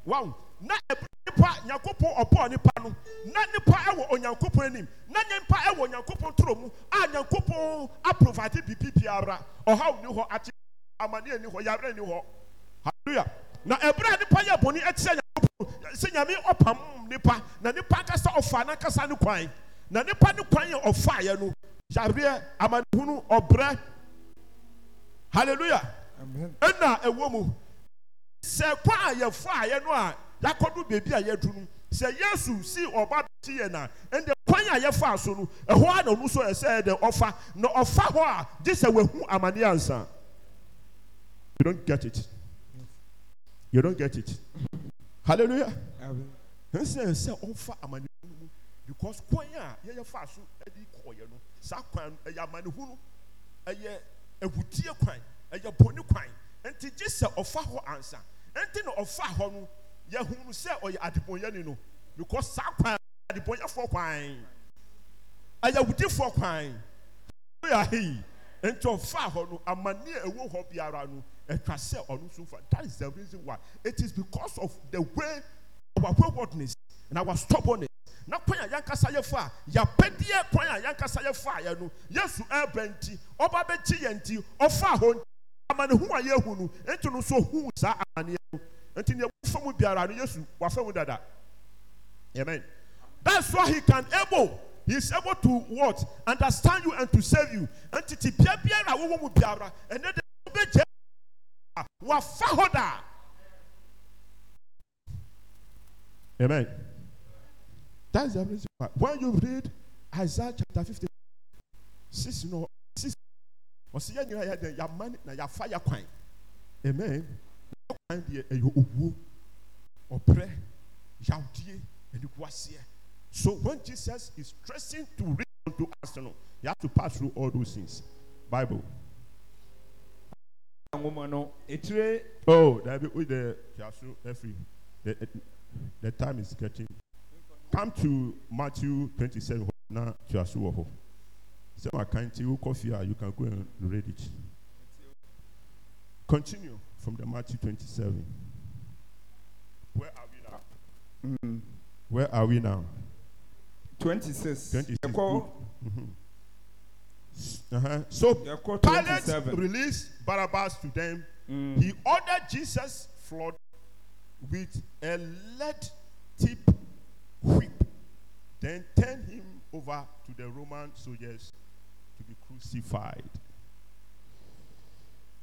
wa na ɛberɛ nipa nyankopɔn ɔbɔɔ nipa no na nipa ɛwɔ onyankopɔn anim na mpa ɛwɔ nyankopɔn torɔ mu a nyankopɔn approvite birbi biara ɔhaw ni hɔ a amaneani hɔ yaeɛni hɔ aela na ɛberɛ a nipa yɛ bɔne atia ykpɔ sɛ nyame ɔpam nnipa na nnipa nkasa ɔfa nankasa ne kwan na nnipa ne kwan yɛ ɔfaaeɛ no yareɛ amanehunu ɔbrɛ hallelujah ɛna ɛwɔ mu sɛ kwa a yɛfo a yɛ no a yɛakɔdo beebi a yɛadu sɛ yesu si ɔba bɛti yɛ na ɛnde kwan a yɛfa so no ɛhɔ a na ɔno so ɛsɛ ɛdɛ ɔfa na ɔfa hɔ a gye sɛ wahu amane ansa you don't get it you don't get it hallelujah ɛnsɛn sɛ ɔmfa amane hunu mu because kwan a yɛyɛ fa so ɛde kɔɔyɛ no saa kwan ɛyɛ amane hunu ɛyɛ awudie kwan ɛyɛ bɔne kwan nti gye sɛ ɔfa hɔ ansa ɛnti ne ɔfa hɔ no yɛ hunu sɛ ɔyɛ adebɔneyɛ ni no because saa kwan adebɔnyɛfoɔ kwan ɛyɛ awudifoɔ kwan oyɛhei nti ɔfaa hɔ no amannea ɛwɔ hɔ biara no atwa sɛ ɔno so mfa that is the reasin wy itis because of the way ou wawaldness an ow stuborness na kwan a yɛnkasa yɛfo a yɛapɛdeɛ kwan a yɛnkasa yɛfo a yɛ no yesu ɛreba nti ɔba bɛgye yɛn nti ɔfa hɔ nti amanehu a yɛhu no nti no nso hu saa amaneɛ no nti nea mu biara no yesu mu dada amen that's why he can able he is able to what understand you and to save you nti ti bia biara wɔwɔ mu biara ɛnɛ de wɔbɛgye wafa hɔ daa amen. amen. That's the reason why. When you read Isaiah chapter 50, six, you know, six, or see, you are your money, your fire coin. Amen. Or pray, yaudie, and guasia. So when Jesus is stressing to read unto us, you, have to pass through all those things. Bible. Oh, that be with the every the, the time is getting come to Matthew 27 na twerɛso wɔ hɔ sɛ waka nti wokɔ fie a you can go and read it continue from the Matthew 27 where are we now mm. where are we now 26 26 Yeko. Mm-hmm. Uh-huh. so Pilate released Barabbas to them mm. he ordered Jesus flood with a lead tip whip, then turn him over to the Roman soldiers to be crucified.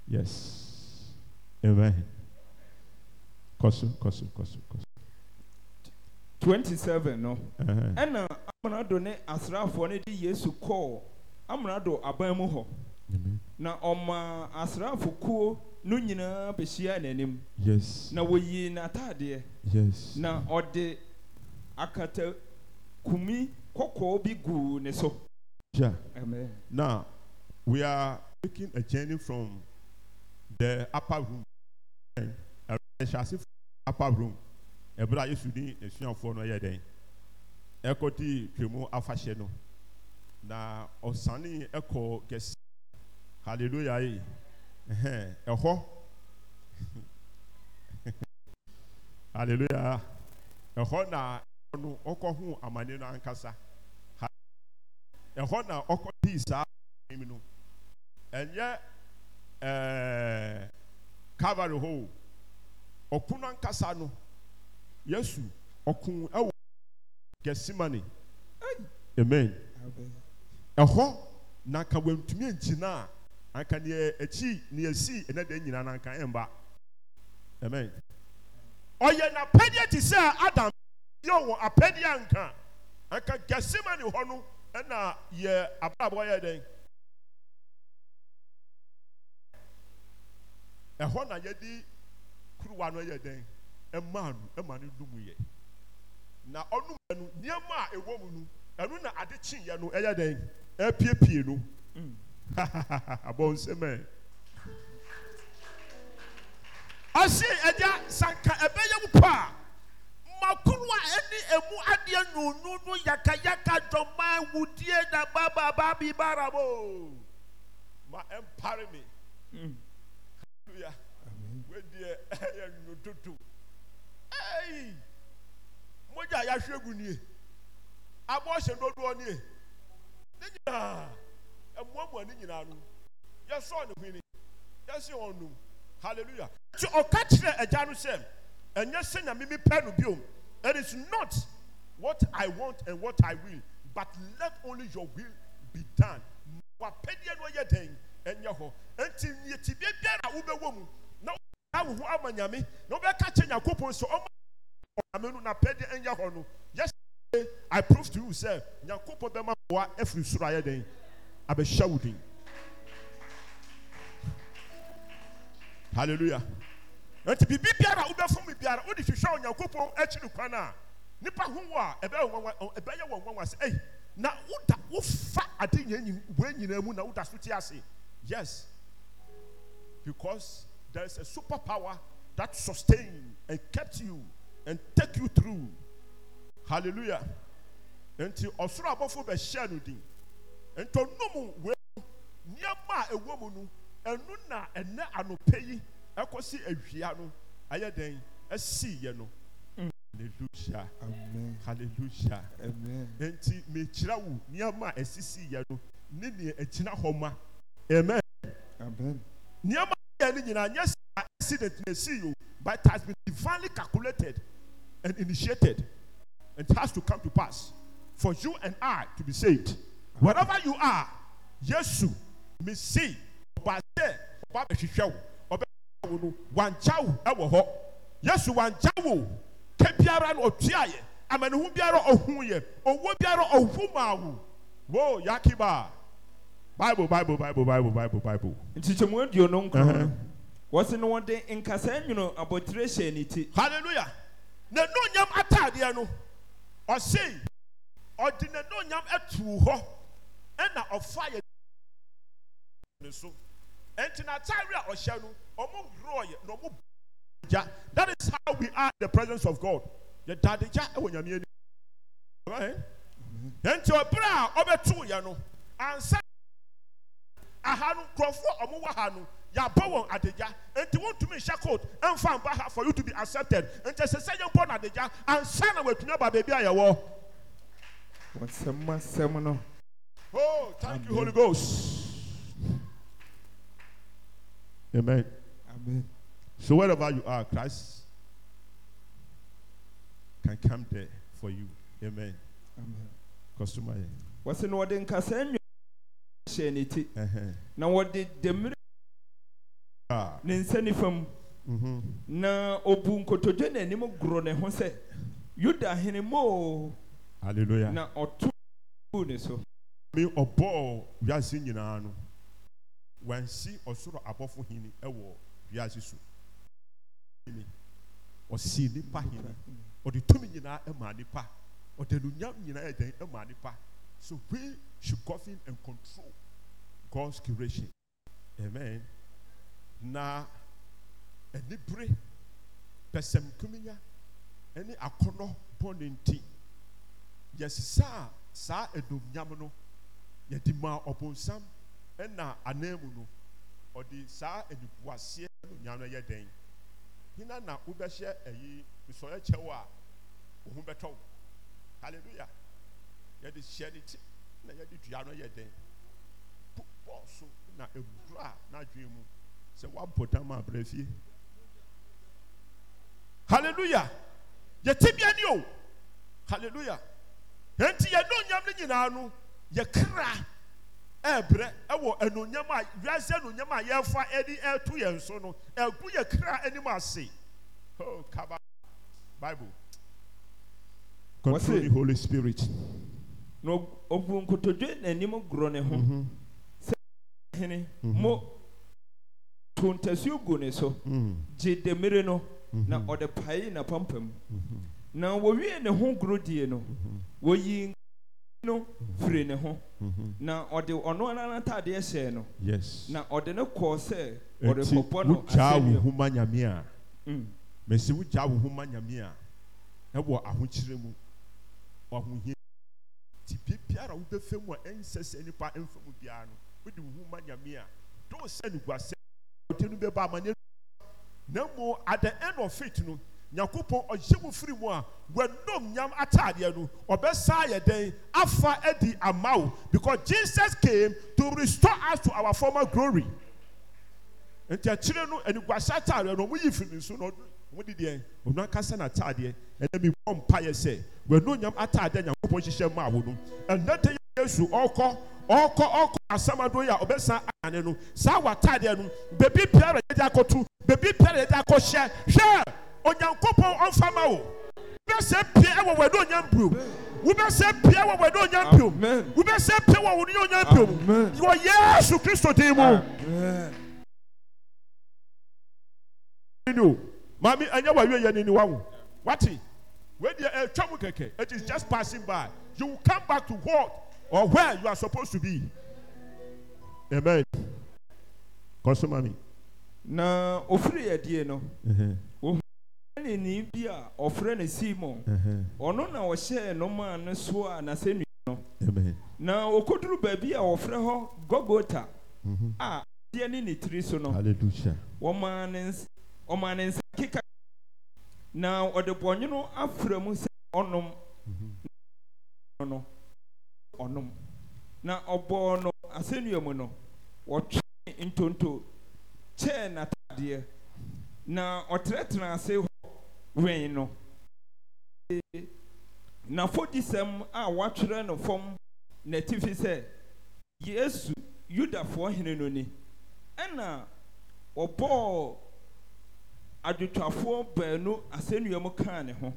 Yes. Amen. Kosu, kosu, kosu, kosu. 27 no ɛna uh-huh. amrado ne asraafoɔ no de yesu kɔɔ amrado aban mu hɔ na ɔma asraafo kuo no nyinaa bɛhyia n'anim na wɔyii n'ataadeɛ na ɔde akata kumi kɔkɔɔ bi guu ne so na we ar paking a journy from the upper roomn hyɛse fo upper room ɛbra yɛsudi nasuafoɔ no yɛ den ɛkɔdei twamu afahyɛ no na ɔsane ɛkɔɔ ges halleluya yi ɛhɔ allelua ɛhɔ na no ɔkɔho amane no na ɔkɔdii saa mu no ɛnyɛ ɛɛ calvary ɔko no ankasa no yesu ɔko ɛwɔ amen na ka wantumi ngyina a anka neɛ akyi neɛ sii ɛnɛ deɛ nyinaa no anka ɛmba amen ɔyɛ n'apɛdeɛ te sɛ deɛ ɔwɔ apɛdeɛ anka anka gɛsima ne hɔ no ɛna yɛ abrabɔ yɛ dɛn ɛhɔ na yɛde kuruwa no yɛ dɛn ɛmaa no ɛma no dum yɛ na ɔnum yɛ no nneɛma a ɛwɔ mu no ɛnu na ade kyi yɛ no ɛyɛ dɛn ɛpiepie no abɔ nsɛmɛ ɔsi ɛgya sanka ɛbɛyɛ mu paa. ɔmakoro a ɛne emu adeɛ nyonyo no yakayaka dɔmaa wudie na bababa bi barabo ma ɛmpare me hmm. hallelujah wedeɛ ɛyɛ eh, nwototo ɛyi mogya yahwɛ gu nie abɔ hyɛ dodoɔ nie ne nyinaa ɛmoamoa ne nyinaa no yɛsɔɔ ne hwene yɛsi wɔn nom hallelujah nti ɔka kyerɛ agya no sɛ ɛnyɛ sɛ nyame mepɛ no biom It is not what I want and what I will, but let only your will be done. Wapɛdeɛ no Yesterday I proved to you sir. nyakopɔn bɛma mboa ɛfiri soro den abɛhyɛ wo Hallelujah nti biribi biara mi biara wode hwehwɛ onyankopɔn akyiri kwan a nnipa ho wɔ a ɛbɛyɛ wɔn nwanwa sɛ ei eh, na woda wofa ade wei nyinaa mu na woda so te ase yes because there is a superpower that sustained and kept you and take you through hallelujah nti ɔsoro abɔfo bɛhyɛ no din nti ɔnom wei nneɛma a ɛwɔ mu no ɛno na ɛnɛ anɔpɛ yi ɛkɔ si awia no ɛyɛ den siiiɛ no mm. la aelua enti mekyira wo nneɛma a ɛsisiiiɛ no ne ne agyina hɔ ma amenn nneɛmayɛ no nyinaa nyɛ sa incident ne sii yo but has been devinly calculated and initiated and hasto cto pass f yu and r to b ved wherever you are yesu mesei ɔba sɛ ɔba mɛhwehwɛ wo wo no wankya ɛwɔ hɔ yesu wankya ke biara no ɔtua yɛ amanehu biara ɔhu yɛ owó biara ɔhu maa wo wo yakiba bible bible bible bible bible bible. nkyekyɛmu aduonu nkron wɔsi no nkasa nwunu abotire hyɛ ne ti. hallelujah ataadeɛ no ɔsi hɔ ɛna ɔfa yɛ ne so. that is how we are in the presence of God yɛ daade gya ɛwɔ nyame anim ɛnti ɔbɛrɛ a ɔbɛtu yɛ no ansa aha no nkurɔfoɔ ɔmo wɔ ha no yàbọ̀ wọn adagya nti wọn tumi nhyɛ coat nfa mba ha for you to be accepted And just say yɛn bɔ n'adagya ansa na wɔatumi aba beebi a yɛwɔ. wɔn sɛm asɛm no. oh thank you holy ghost. Amen. Amen. So wherever you are, Christ can come there for you. Amen. Amen. Customer. Eh? What's in what in Cassandra? Uh-huh. Now what did the mirror? Ninsani ah. from mm-hmm. na obun kotodwe na anim goro ne yuda hene mo hallelujah na ɔto ne so me ɔbɔ wiase nyinaa no wɔansi ɔsoro abɔfo hene wɔ wiase so ɔsii nipa hene ɔde tumi nyinaa ma nipa ɔde nonyam nyinaa ɛdɛn ma nipa so we should govern and control God's creation amen na anibere pɛsɛmkuminya ẹni akɔnɔ bɔne nti yɛsesa a saa aduonyam no yɛde maa ɔbonsam ɛna ananmu no ɔde saa anibuaseɛ nonyam no yɛ den hena na wobɛhyɛ ayi nsɔyɛ kyɛw a wo ho bɛtɔ wo halleluya yɛde hyɛ ne ti na yɛde dua no yɛ den bɔɔl so na ewuro a n'adwene mu sɛ wabɔ dam a brɛ fie halleluya yɛte bia ni o halleluya nti yɛn nonyam no nyinaa no yɛ kra. ɛbrɛ ɛwɔ enonyam a wiase enonyam a yɛfa ɛde ɛto yɛn so no ɛgu yɛ kra anim ase oh kaba bible control the holy spirit. na ogun nkotodwe n'anim goro ne ho sɛ hene mo to ntasuo gu ne so gye demire no na ɔde pae n'apampam na wɔwie ne ho goro die no mm-hmm. wɔyi edɛɛ no n mm-hmm. ɔde ne kɔɔ sɛmasi mm. wogyaa wo ho ma nyame a ɛwɔ ahokyerɛ mu ahohia nti biebiara wobɛfa m a ɛnsɛ sɛ nipa ɛmfamu biara no wode wo ho ma nyame a doo sɛnegua sɛ ɔte no bɛba amanneɛ n na mmo adan ɛndof fait no nyankopɔn ɔhyɛ mu firi mu a wɔnom nyam ataadeɛ no ɔbɛsa yɛ dɛn afa adi ama wo because jesus came to restore us to our former glory nti akyire no aniguahyɛ ataadeɛ no ɔmoyi firi ne so na ɔmode deɛ ɔno ankasa no ataadeɛ ɛna mebɔ mpayɛ sɛ wɔnom nyam ataadeɛ nyankopɔn hyehyɛ maa wo no ɛnɛ da yesu ɔkɔ ɔkɔ ɔkɔ asamado yi a ɔbɛsan ayane no saa wɔ ataadeɛ no beebi biara yɛde akɔto beebi biara yɛde akɔhyɛ hwɛ oyankɔɔmfama w wɛ pwoɛpy woɛɛpiɛ nɛya yesu kristodn mu maɛyɛwwɛnonw wti wde tw m kɛkɛ itis just passin by youcome back to wre youar supposed to b mn ma na ɔfri ɛdiɛ no Kɛnɛni bi a ɔfrɛ ne Simon ɔno na ɔhyɛɛ nnomaa no so a n'asɛnnua no. Na okoduru baabi a wɔfrɛ hɔ Gogota mhm. a adeɛ ne ne tiri so no, wɔmaa ne nsa keka na ɔde bɔnwene afra mu sɛ ɔnom mhm. Na no ɔnom na ɔbɔɔ no asɛnnua mu no wɔtwee ntonto kyɛɛ n'atadeɛ na ɔtenatena ase hɔ wɛn no n'afɔdisɛm a w'atwerɛ no fam n'atifi sɛ yesu yudafoɔ hene no ni ɛna ɔbɔɔ adwotwafoɔ baanu asɛnnua mu kaa ne ho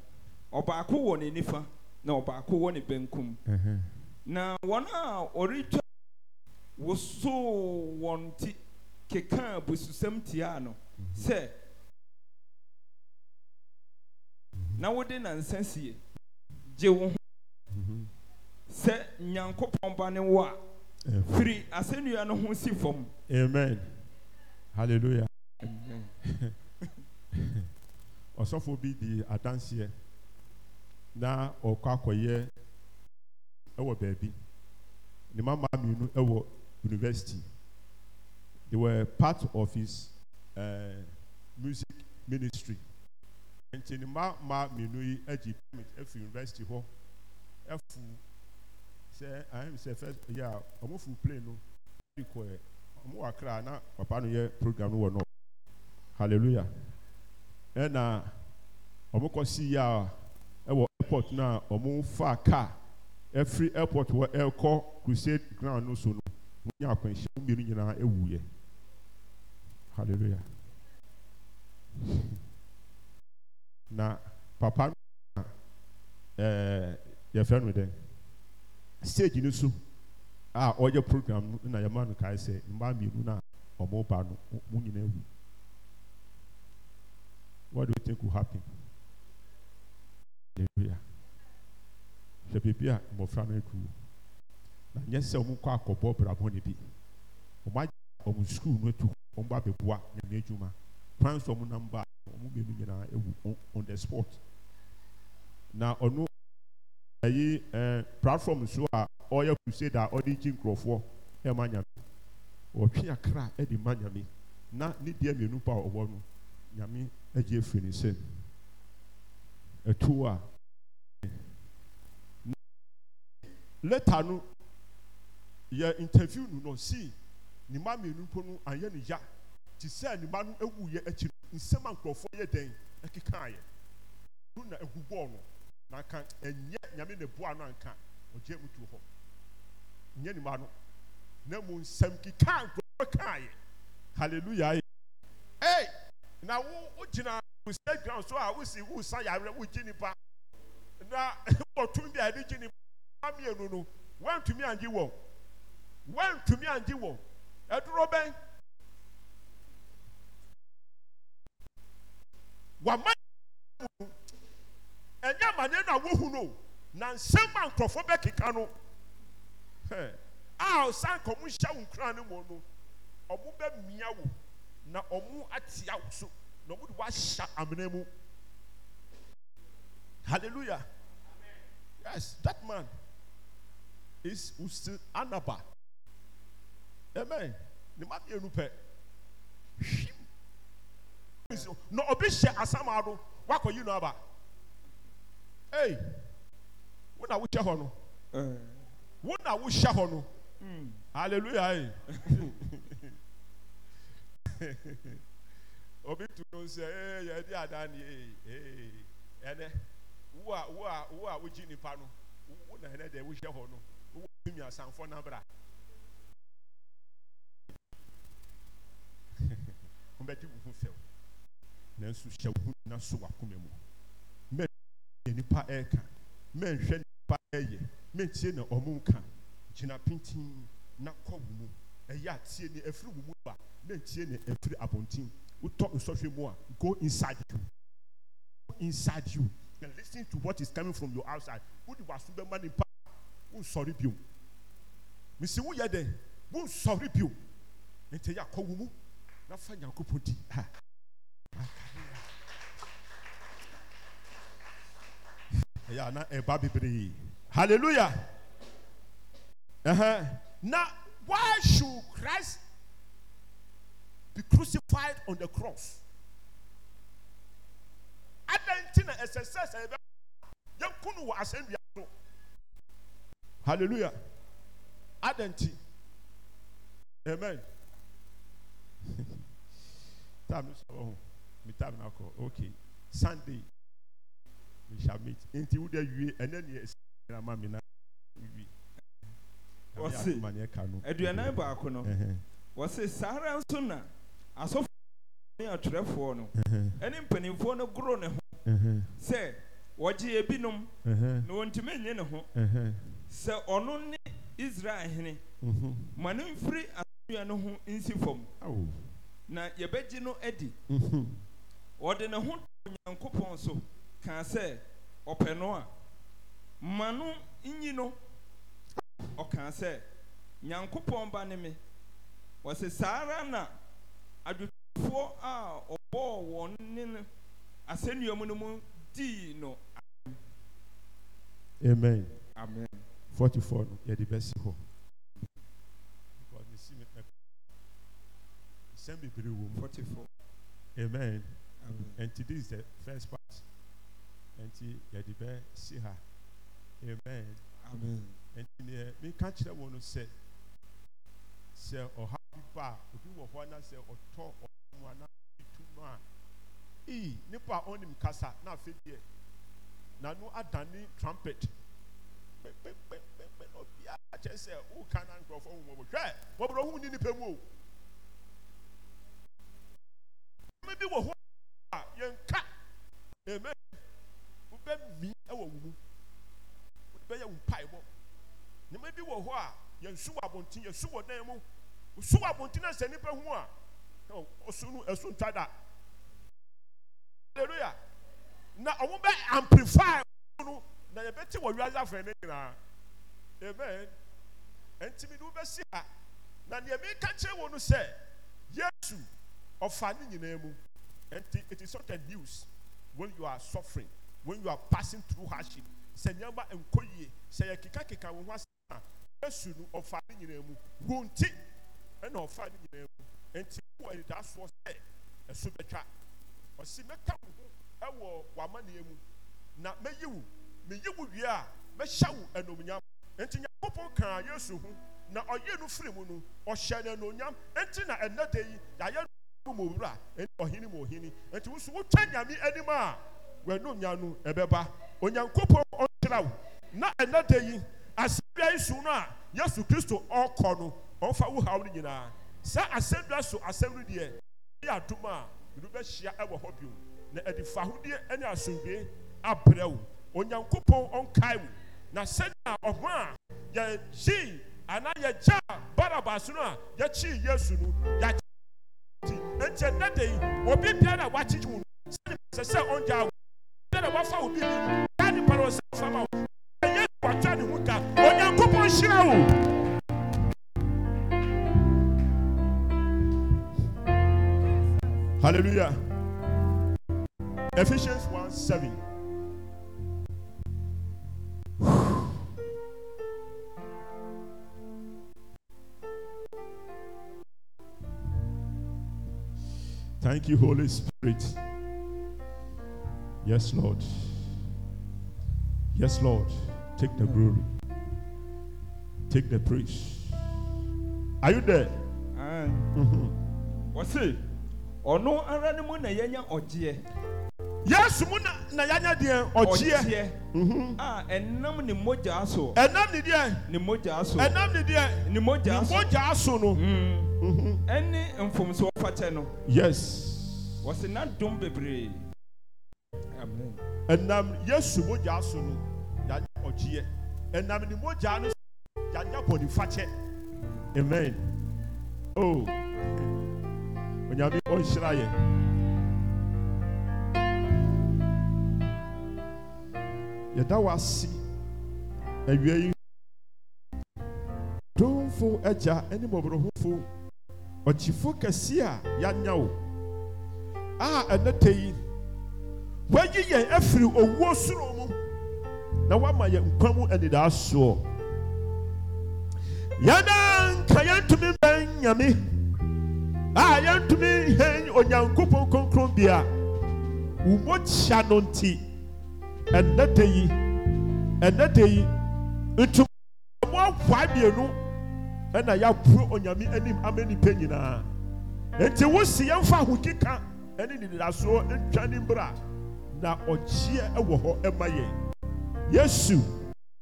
ɔbaako wɔ ne nifa na ɔbaako wɔ ne benkum mhm. na wɔn a ɔretwa wosoo wɔn ti kekaa bususɛm tiaa no mhm. sɛ na wode nansa sie gye wo ho mhm. sɛ nyankopɔn ba ne wo a firi asɛnnua no ho si fam amen halleluya ɔsɔfo bi di adanseɛ na ɔkɔ akɔyɛ ɛwɔ baabi ne mama mmienu ɛwɔ university they were part of his uh, music ministry nti ne mma mmaa mmienu yi agye permit afi university hɔ afu sɛ ahim sɛ first yɛ a wɔn fu plane no ɛdi kɔɛ wɔn wɔ akra na papa no yɛ program no wɔ nɔ hallelujah ɛna wɔn kɔ si yɛ e a ɛwɔ airport na a wɔn fa car ɛfiri airport wɔ ɛrekɔ crusade ground no so no wɔn nyɛ akwanhyia wɔn mmienu nyinaa ewu yɛ hallelujah. na papa eh, ah, na yɛfrɛ no stage no so a ɔyɛ program no na yɛma no kae sɛ mmaa na wɔn ba no mu nyinaa wu what do you think will happen hwɛ a mmɔfra no na nyɛ sɛ wɔn kɔ akɔbɔ brabɔ bi agye sukuu ɔmo mmienu nyinaa ewu on the spot na ɔno ɛyi ɛɛ platform so a ɔyɛ crusade a ɔde gye nkurɔfoɔ ɛma e nyame ɔtwe akra ẹ ɛde ma nyame na ne deɛ mmienu pa a ɔwɔ no nyame agye efiri ne nsam etu a later no yẹ interview no no see ne mma mmienu mpo no anyɛ ne ya. te sɛ ne ba no awuiɛ akyiri nsɛm a nkurɔfoɔ yɛ dɛn no na ɛhu bɔɔ no na anka nyame ne boa no anka ɔgye mu tuo hɔ nyɛ ne ma no na mu nsɛm nkurɔfoɔ hallelujah na wo wogyina ground so a wosi wosa na wɔtom bi a yɛde gye nipa mmienu no angye wɔn angye wɔn ɛduro wama mu ɛnyɛ amane no a wohu no na nsɛm a nkurɔfoɔ bɛkeka no a ɔsan kɔ mo nhyɛ wo nkura no mu no ɔmo bɛmia wo na ɔmo atia wo so na ɔmo de woahyɛ amena mu hallelujah yes that man is usil anaba amen ne ma mmienu pɛ hwim na obi hyɛ asam ado wakɔyi yi n'aba, ee, wo na wohyɛ hɔ no wo na wohyɛ hɔ no hallelujah obi tu no sɛ ee yɛde ee ee ɛnɛ a nipa no wo na ɛnɛ deɛ wohyɛ hɔ no wo tumi asanfo nabra. ahyɛ onna so waoma mu nipa ka manwɛ mantie ne ɔmo nka gyina pntin naɔ w muɛ w mntie ne f aɔten wotɔ nsɔwɛ mu aoisoi nɛ nykɔ ɛyɛ ana ɛba bebree hallelujah uh-huh. now why should Christ be crucified on the cross adanti na ɛsɛ sɛ sɛ ɛbɛ kunu wɔ asɛnnua so hallelujah adanti amen time sɛ ɔhún mi time na ko. okay sunday. we shall meet nti wo de wie ɛnɛ neɛ ɛsira ma mi na wie wɔsi aduanan baako no wɔsi saa ara nso na asɔfo ne atwerɛfoɔ no ɛne mpanimfoɔ no goro ne ho sɛ wɔgye ebinom na wɔntumi nye ne ho sɛ ɔno ne israel hene ma ne mfiri asɔnnua no ho na yɛbɛgye no adi ɔde ne ho to kaa sɛ ɔpɛ no a ma no nyi no ɔkaa sɛ nyankopɔn ba ne me wɔsɛ saa ara na adwotwfoɔ a ɔbɔɔ wɔn ne no asɛnnua mu no mu dii no amen amen 44 no yɛde bɛsi hɔ Send me wɔ mu 44 amen and today is the first part nti yɛde bɛ si ha amen amen nti neɛ meka kyerɛ wɔn no sɛ sɛ ɔha bi a obi wɔ hɔ na sɛ ɔtɔ ɔmo ana etu no a ii nipa a ɔnim kasa na afei deɛ trumpet na obiara kyerɛ sɛ ɔka na nkurɔfoɔ wɔn wɔ hwɛ wɔbɛrɛ ɔhun ni nipa mu o ɔmo bi wɔ hɔ a yɛn ka amen. bɛmi wɔ wo mu wode bɛyɛ wo mpaebɔ nneɛma bi wɔ hɔ a yɛnsu wɔ abɔnten yɛsu wɔ dan mu su wɔ abɔnten na sɛ nnipa ho a ɔso no ɛso nta da hallelujah na ɔmo bɛ amplify no na yɛbɛte wɔ wiase afɛ ne nyinaa amen ntumi no bɛsi ha na nea meka kyerɛ wɔn no sɛ yesu ɔfa ne nyinaa mu nti it is not a news when you are suffering when you are passing through hardship sɛ nneɛma nkɔ yie sɛ yɛ kekakeka wo ho asɛm a yesu no ɔfa ne nyinaa mu wo nti ɛna ɔfa ne nyinaa mu nti wɔ anidasoɔ sɛ ɛso bɛtwa ɔsi mɛka wo ho ɛwɔ w'amanneɛ mu na mɛyi you, meyi you wie a mɛhyɛ wo anomnyam nti nyankopɔn kaa yesu ho na ɔyɛ no firi mu no ɔhyɛ no anomnyam nti na ɛnɛ da I yɛayɛ no mu owura ɔhene mu ɔhene to wo so wotwa nyame anim a wanomnya no ɛbɛba onyankopɔn ɔnkyerɛ wo na ɛnɛ de yi asɛm bea yi som no a yesu kristo ɔrkɔ no ɔmfa wo haw no nyinaa saa asɛm bea so asɛm no deɛ ɛyɛ adoma a menobɛhyia ɛwɔ hɔ biom na adi fa hodiɛ ne asombien abrɛ wo onyankopɔn ɔnkae mu na sɛnea ɔha a yɛyii anaa yɛgyaa barabas no a yɛkyii yesu no yaknti enkyɛ nnɛ deyi wobi bea no wakei wo no sɛimsɛ sɛ ɔngyawo na wafa obi ni na ɔsɛ ɛyɛ wata ne ho Hallelujah. Ephesians 1 7. Thank you, Holy Spirit. Yes, Lord. Yes, Lord. Take the glory. Take the praise. Are you there? Aye. Mm-hmm. What's it? ɔno ara ne mu na yɛnya ɔgyeɛ yesu mu na na yɛanya deɛ ɔgyeɛ a ɛnam ne mogya so ɛnam ne And ne mogya so ɛnam ne deɛ ne mogya so ne mogya so no ɛne mfomsoɔ mm. mm-hmm. fakyɛ no yes wɔsi na dumb baby? ɛnam yesu mogya so no yɛanyɛ ɔgyeɛ ɛnam ne mogya no yɛanyɛ bɔnifakyɛ amen o oh. onyame ɔnhyira yɛn yɛda w'ase awia yi domfo agya ne mmɔborɔhofo ɔkyifo kɛse a yɛanya wo a ɛnɛ yi wagyi yɛn afiri owuo sorom na woama yɛ nkwamu anidaasoɔ yɛna nka yɛntumi mbɛn nyame a yɛntumi he onyankopɔn kronkrɔn bi a wummo kyia no nti ɛnnɛ de yi ɛnnɛ de yi ntumɛmoawoae bienu ɛna yɛaboro onyame anim amannipa nyinaa enti wosi yɛmfa ahokeka ɛne nindasoɔ ntwa nim bra na ɔgyeɛ ɛwɔ hɔ ɛma yɛn yesu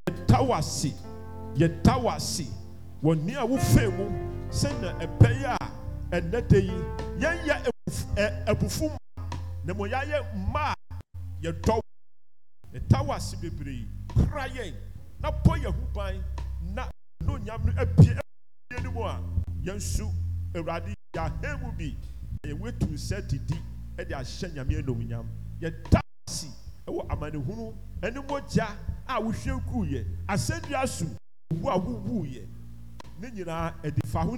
yɛta wo ase yɛta wo ase wɔ nea wofɛn mu sɛnea ɛbɛyɛ a ɛnɛ da yi yɛnyɛ abufu ma na mo yɛayɛ mma a yɛta bebree kora yɛn na bɔ yɛn ho ban na ne onyam no apue apue no mu a yɛn nso awurade yɛahan mu bi na didi ahyɛ nyame yɛta si ɛwɔ amanehunu ɛne mogya a wohwie yɛ asɛnnua so owu a yɛ ne nyinaa ɛde fa ho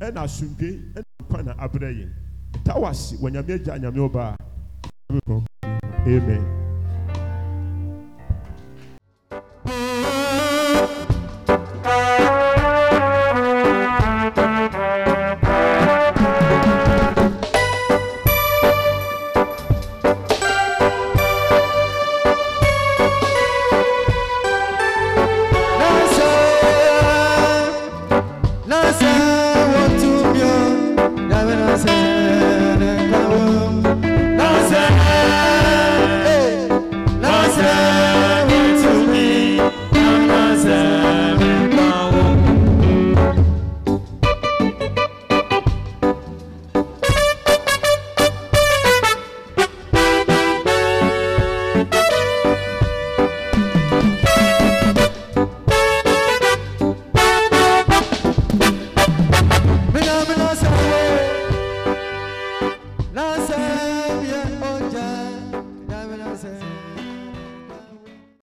ɛna asomdwe ɛna nkwa na abrɛ yɛn tawase wɔ nyame agya nyame ɔbaa amen